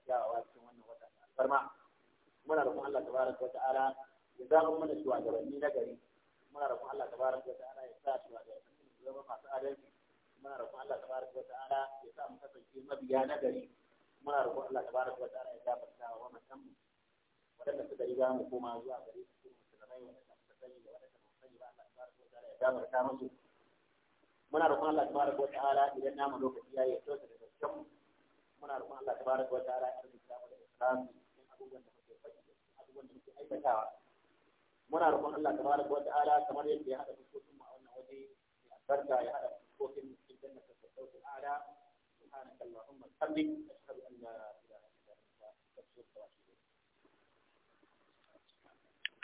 kyawawa cikin wannan wata farma muna da Allah tabaraka wa ta'ala ya zama mana shugabanni na gari muna da Allah tabaraka wa ta'ala ya sa shugabanni su zama masu adalci muna da Allah tabaraka wa ta'ala ya sa mu kasance mabiya na gari muna da Allah tabaraka wa ta'ala ya gafarta wa mamatan mu waɗanda suka riga mu koma zuwa gare su musulmai waɗanda suka sani da wadanda ba sani ba Allah tabaraka wa ta'ala ya gafarta musu muna da Allah tabaraka wa ta'ala idan namu lokaci yayi ya tausa da gaskiyar mu muna roƙon Allah tabaraka wa ta'ala ya rubuta mu da abubuwan da muke faɗi abubuwan da muke aikatawa muna roƙon Allah tabaraka wa ta'ala kamar yadda ya hada fuskokin mu a wannan waje ya albarka ya hada kokin cikin jannatin sautul a'la subhanaka allahumma hamdik ashhadu an la